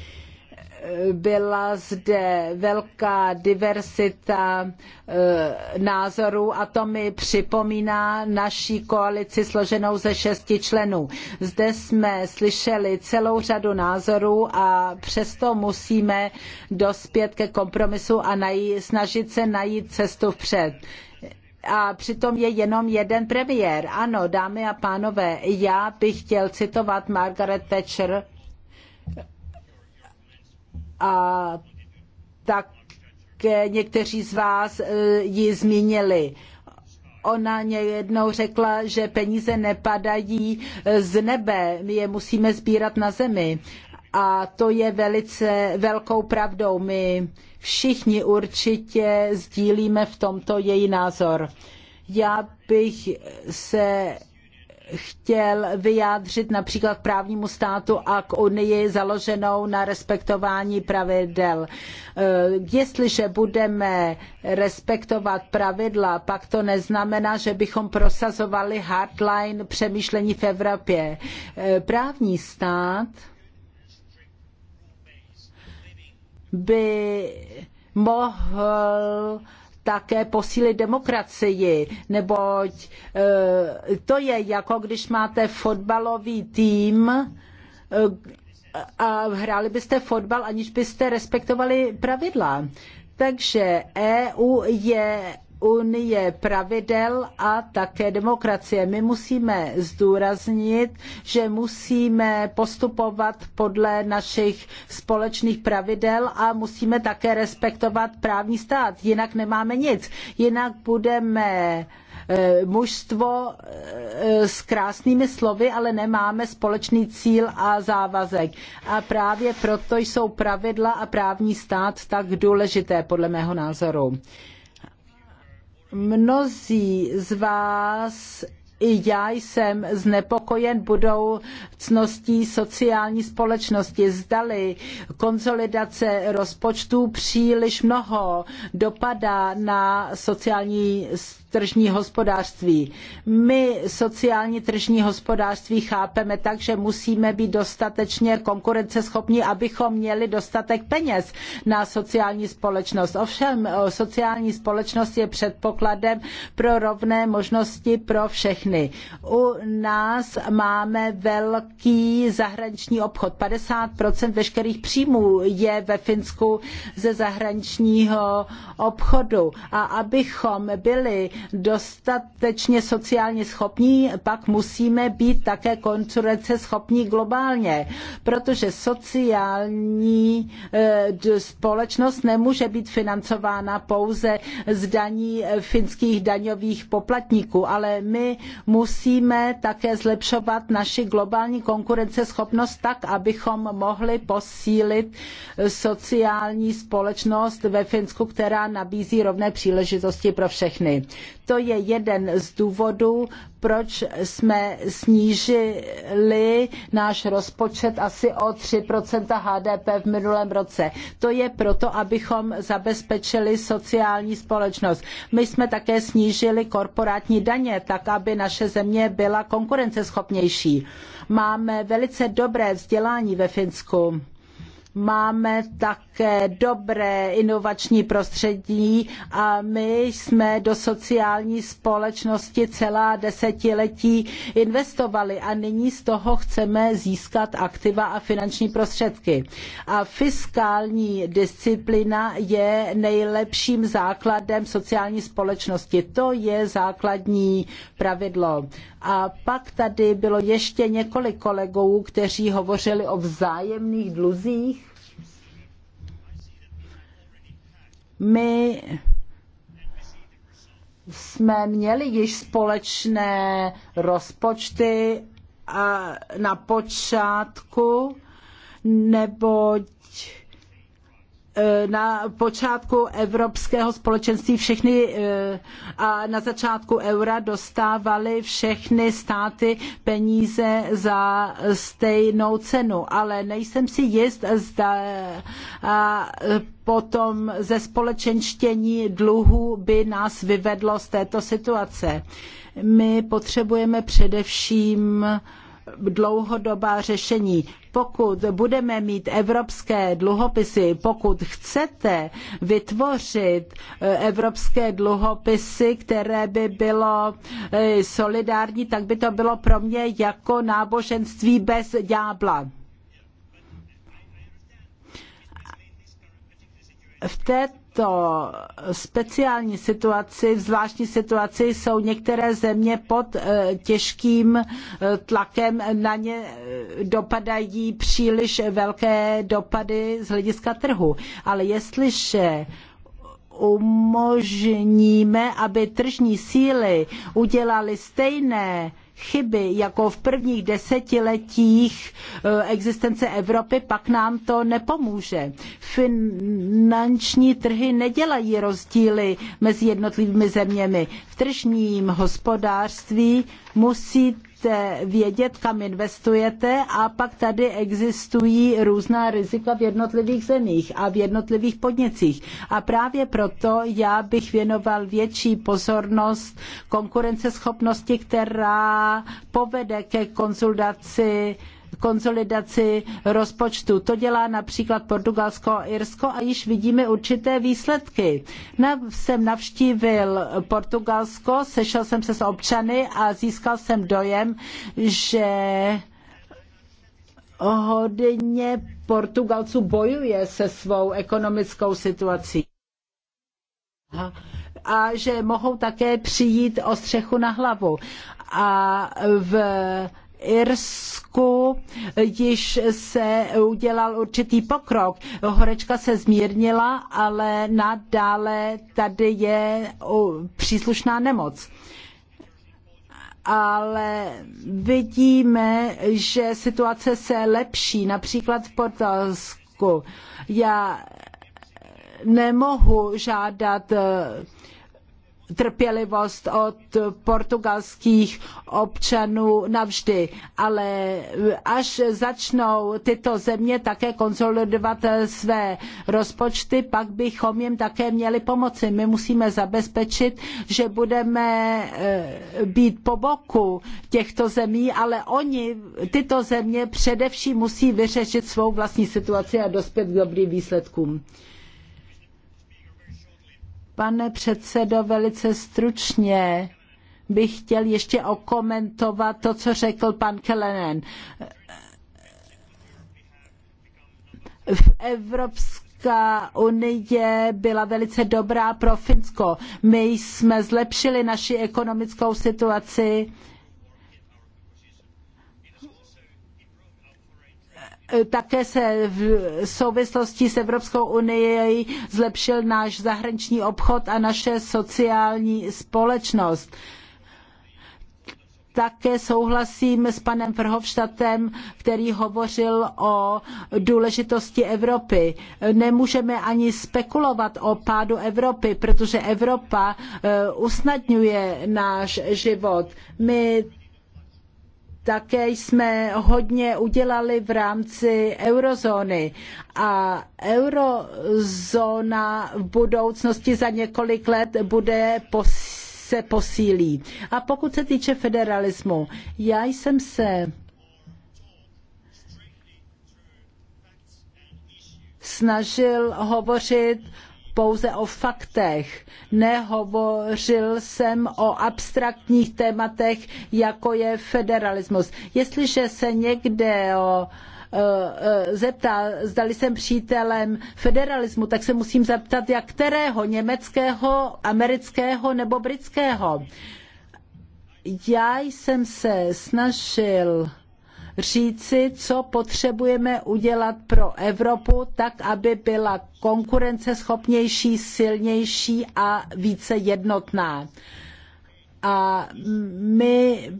byla zde velká diversita eh, názorů a to mi připomíná naší koalici složenou ze šesti členů. Zde jsme slyšeli celou řadu názorů a přesto musíme dospět ke kompromisu a najít, snažit se najít cestu vpřed a přitom je jenom jeden premiér. Ano, dámy a pánové, já bych chtěl citovat Margaret Thatcher, a také někteří z vás e, ji zmínili ona jednou řekla, že peníze nepadají e, z nebe, my je musíme sbírat na zemi. A to je velice velkou pravdou. My všichni určitě sdílíme v tomto její názor. Já bych se chtěl vyjádřit například k právnímu státu a k unii založenou na respektování pravidel. Eh, jestliže budeme respektovat pravidla, pak to neznamená, že bychom prosazovali hardline přemýšlení v Evropě. Eh, právní stát by mohl také posílit demokracii, neboť eh, to je jako když máte fotbalový tým eh, a hráli byste fotbal, aniž byste respektovali pravidla. Takže EU je unie pravidel a také demokracie. My musíme zdůraznit, že musíme postupovat podle našich společných pravidel a musíme také respektovat právní stát. Jinak nemáme nic. Jinak budeme eh, mužstvo eh, s krásnými slovy, ale nemáme společný cíl a závazek. A právě proto jsou pravidla a právní stát tak důležité, podle mého názoru. Mnozí z vás i já jsem znepokojen budoucností sociální společnosti. Zdali konsolidace rozpočtů příliš mnoho dopadá na sociální společnost tržní hospodářství. My sociální tržní hospodářství chápeme tak, že musíme být dostatečně konkurenceschopní, abychom měli dostatek peněz na sociální společnost. Ovšem sociální společnost je předpokladem pro rovné možnosti pro všechny. U nás máme velký zahraniční obchod. 50% veškerých příjmů je ve Finsku ze zahraničního obchodu. A abychom byli dostatečně sociálně schopní, pak musíme být také konkurence schopní globálně, protože sociální e, společnost nemůže být financována pouze z daní e, finských daňových poplatníků, ale my musíme také zlepšovat naši globální konkurenceschopnost tak, abychom mohli posílit sociální společnost ve Finsku, která nabízí rovné příležitosti pro všechny. To je jeden z důvodů, proč jsme snížili náš rozpočet asi o 3% HDP v minulém roce. To je proto, abychom zabezpečili sociální společnost. My jsme také snížili korporátní daně, tak aby naše země byla konkurenceschopnější. Máme velice dobré vzdělání ve Finsku máme také dobré inovační prostředí a my jsme do sociální společnosti celá desetiletí investovali a nyní z toho chceme získat aktiva a finanční prostředky. A fiskální disciplína je nejlepším základem sociální společnosti. To je základní pravidlo. A pak tady bylo ještě několik kolegů, kteří hovořili o vzájemných dluzích My jsme měli již společné rozpočty a na počátku, neboť Eh, na počátku Evropského společenství všechny eh, a na začátku eura dostávaly všechny státy peníze za stejnou cenu, ale nejsem si jist, zda a potom ze společenštění dluhu by nás vyvedlo z této situace. My potřebujeme především uh, dlouhodobá řešení. Pokud budeme mít evropské dluhopisy, pokud chcete vytvořit eh, evropské dluhopisy, které by bylo eh, solidární, tak by to bylo pro mě jako náboženství bez ďábla. V této této speciální situaci, v zvláštní situaci, jsou některé země pod eh, těžkým eh, tlakem, na ně eh, dopadají příliš velké dopady z hlediska trhu. Ale jestliže umožníme, aby tržní síly udělaly stejné chyby jako v prvních desetiletích e, existence Evropy, pak nám to nepomůže. Finanční trhy nedělají rozdíly mezi jednotlivými zeměmi. V tržním hospodářství musí musíte vědět, kam investujete a pak tady existují různá rizika v jednotlivých zemích a v jednotlivých podnicích. A právě proto já bych věnoval větší pozornost konkurenceschopnosti, která povede ke konsolidaci konsolidaci rozpočtu. To dělá například Portugalsko a Irsko a již vidíme určité výsledky. Na, jsem navštívil Portugalsko, sešel jsem se s občany a získal jsem dojem, že hodně Portugalců bojuje se svou ekonomickou situací. A že mohou také přijít o střechu na hlavu. A v Irsku již se udělal určitý pokrok. Horečka se zmírnila, ale nadále tady je příslušná nemoc ale vidíme, že situace se lepší, například v Portugalsku. Já nemohu žádat eh, trpělivost od portugalských občanů navždy, ale až začnou tyto země také konsolidovat eh, své rozpočty, pak bychom jim také měli pomoci. My musíme zabezpečit, že budeme eh, být po boku těchto zemí, ale oni, tyto země především musí vyřešit svou vlastní situaci a dospět k dobrým výsledkům. Pane předsedo, velice stručně bych chtěl ještě okomentovat to, co řekl pan Kelenen. V Evropská unie byla velice dobrá pro Finsko. My jsme zlepšili naši ekonomickou situaci Eh, také se v souvislosti s Evropskou unii zlepšil náš zahraniční obchod a naše sociální společnost také souhlasím s panem Verhofstadtem, který hovořil o důležitosti Evropy. Nemůžeme ani spekulovat o pádu Evropy, protože Evropa eh, usnadňuje náš život. My také jsme hodně udělali v rámci eurozóny a eurozóna v budoucnosti za několik let bude se posílí. A pokud se týče federalismu, já jsem se snažil hovořit pouze o faktech. Nehovořil jsem o abstraktních tématech, jako je federalismus. Jestliže se někde o e, e, zeptá, zdali jsem přítelem federalismu, tak se musím zeptat, jak kterého, německého, amerického nebo britského. Já jsem se snažil říci, co potřebujeme udělat pro Evropu, tak aby byla konkurenceschopnější, silnější a více jednotná. A my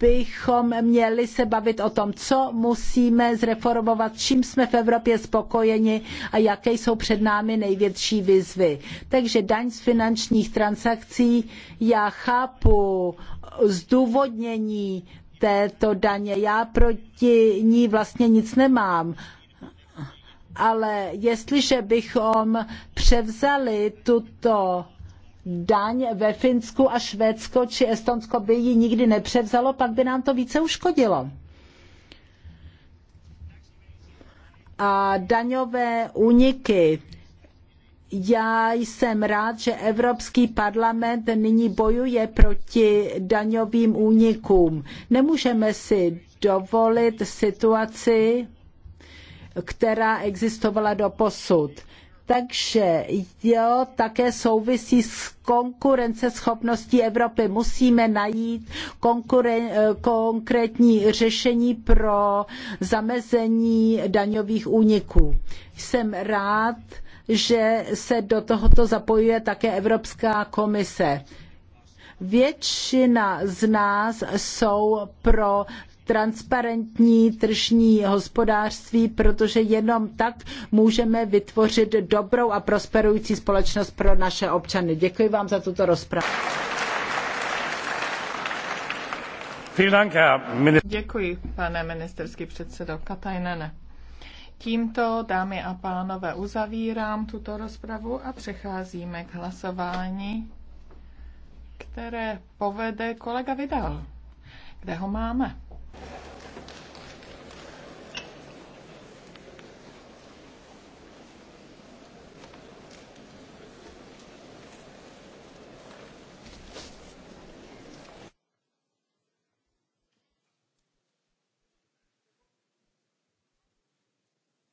bychom měli se bavit o tom, co musíme zreformovat, čím jsme v Evropě spokojeni a jaké jsou před námi největší výzvy. Takže daň z finančních transakcí, já chápu zdůvodnění této daně. Já proti ní vlastně nic nemám ale jestliže bychom převzali tuto daň ve Finsku a Švédsko či Estonsko by ji nikdy nepřevzalo, pak by nám to více uškodilo. A daňové úniky já jsem rád, že Evropský parlament nyní bojuje proti daňovým únikům. Nemůžeme si dovolit situaci, která existovala do posud. Takže jo, také souvisí s konkurenceschopností Evropy. Musíme najít konkrétní řešení pro zamezení daňových úniků. Jsem rád, že se do tohoto zapojuje také Evropská komise. Většina z nás jsou pro transparentní tržní hospodářství, protože jenom tak můžeme vytvořit dobrou a prosperující společnost pro naše občany. Děkuji vám za tuto rozpravu. Děkuji, pane ministerský předsedo Katajnene. Tímto, dámy a pánové, uzavírám tuto rozpravu a přecházíme k hlasování, které povede kolega Vidal. Kde ho máme?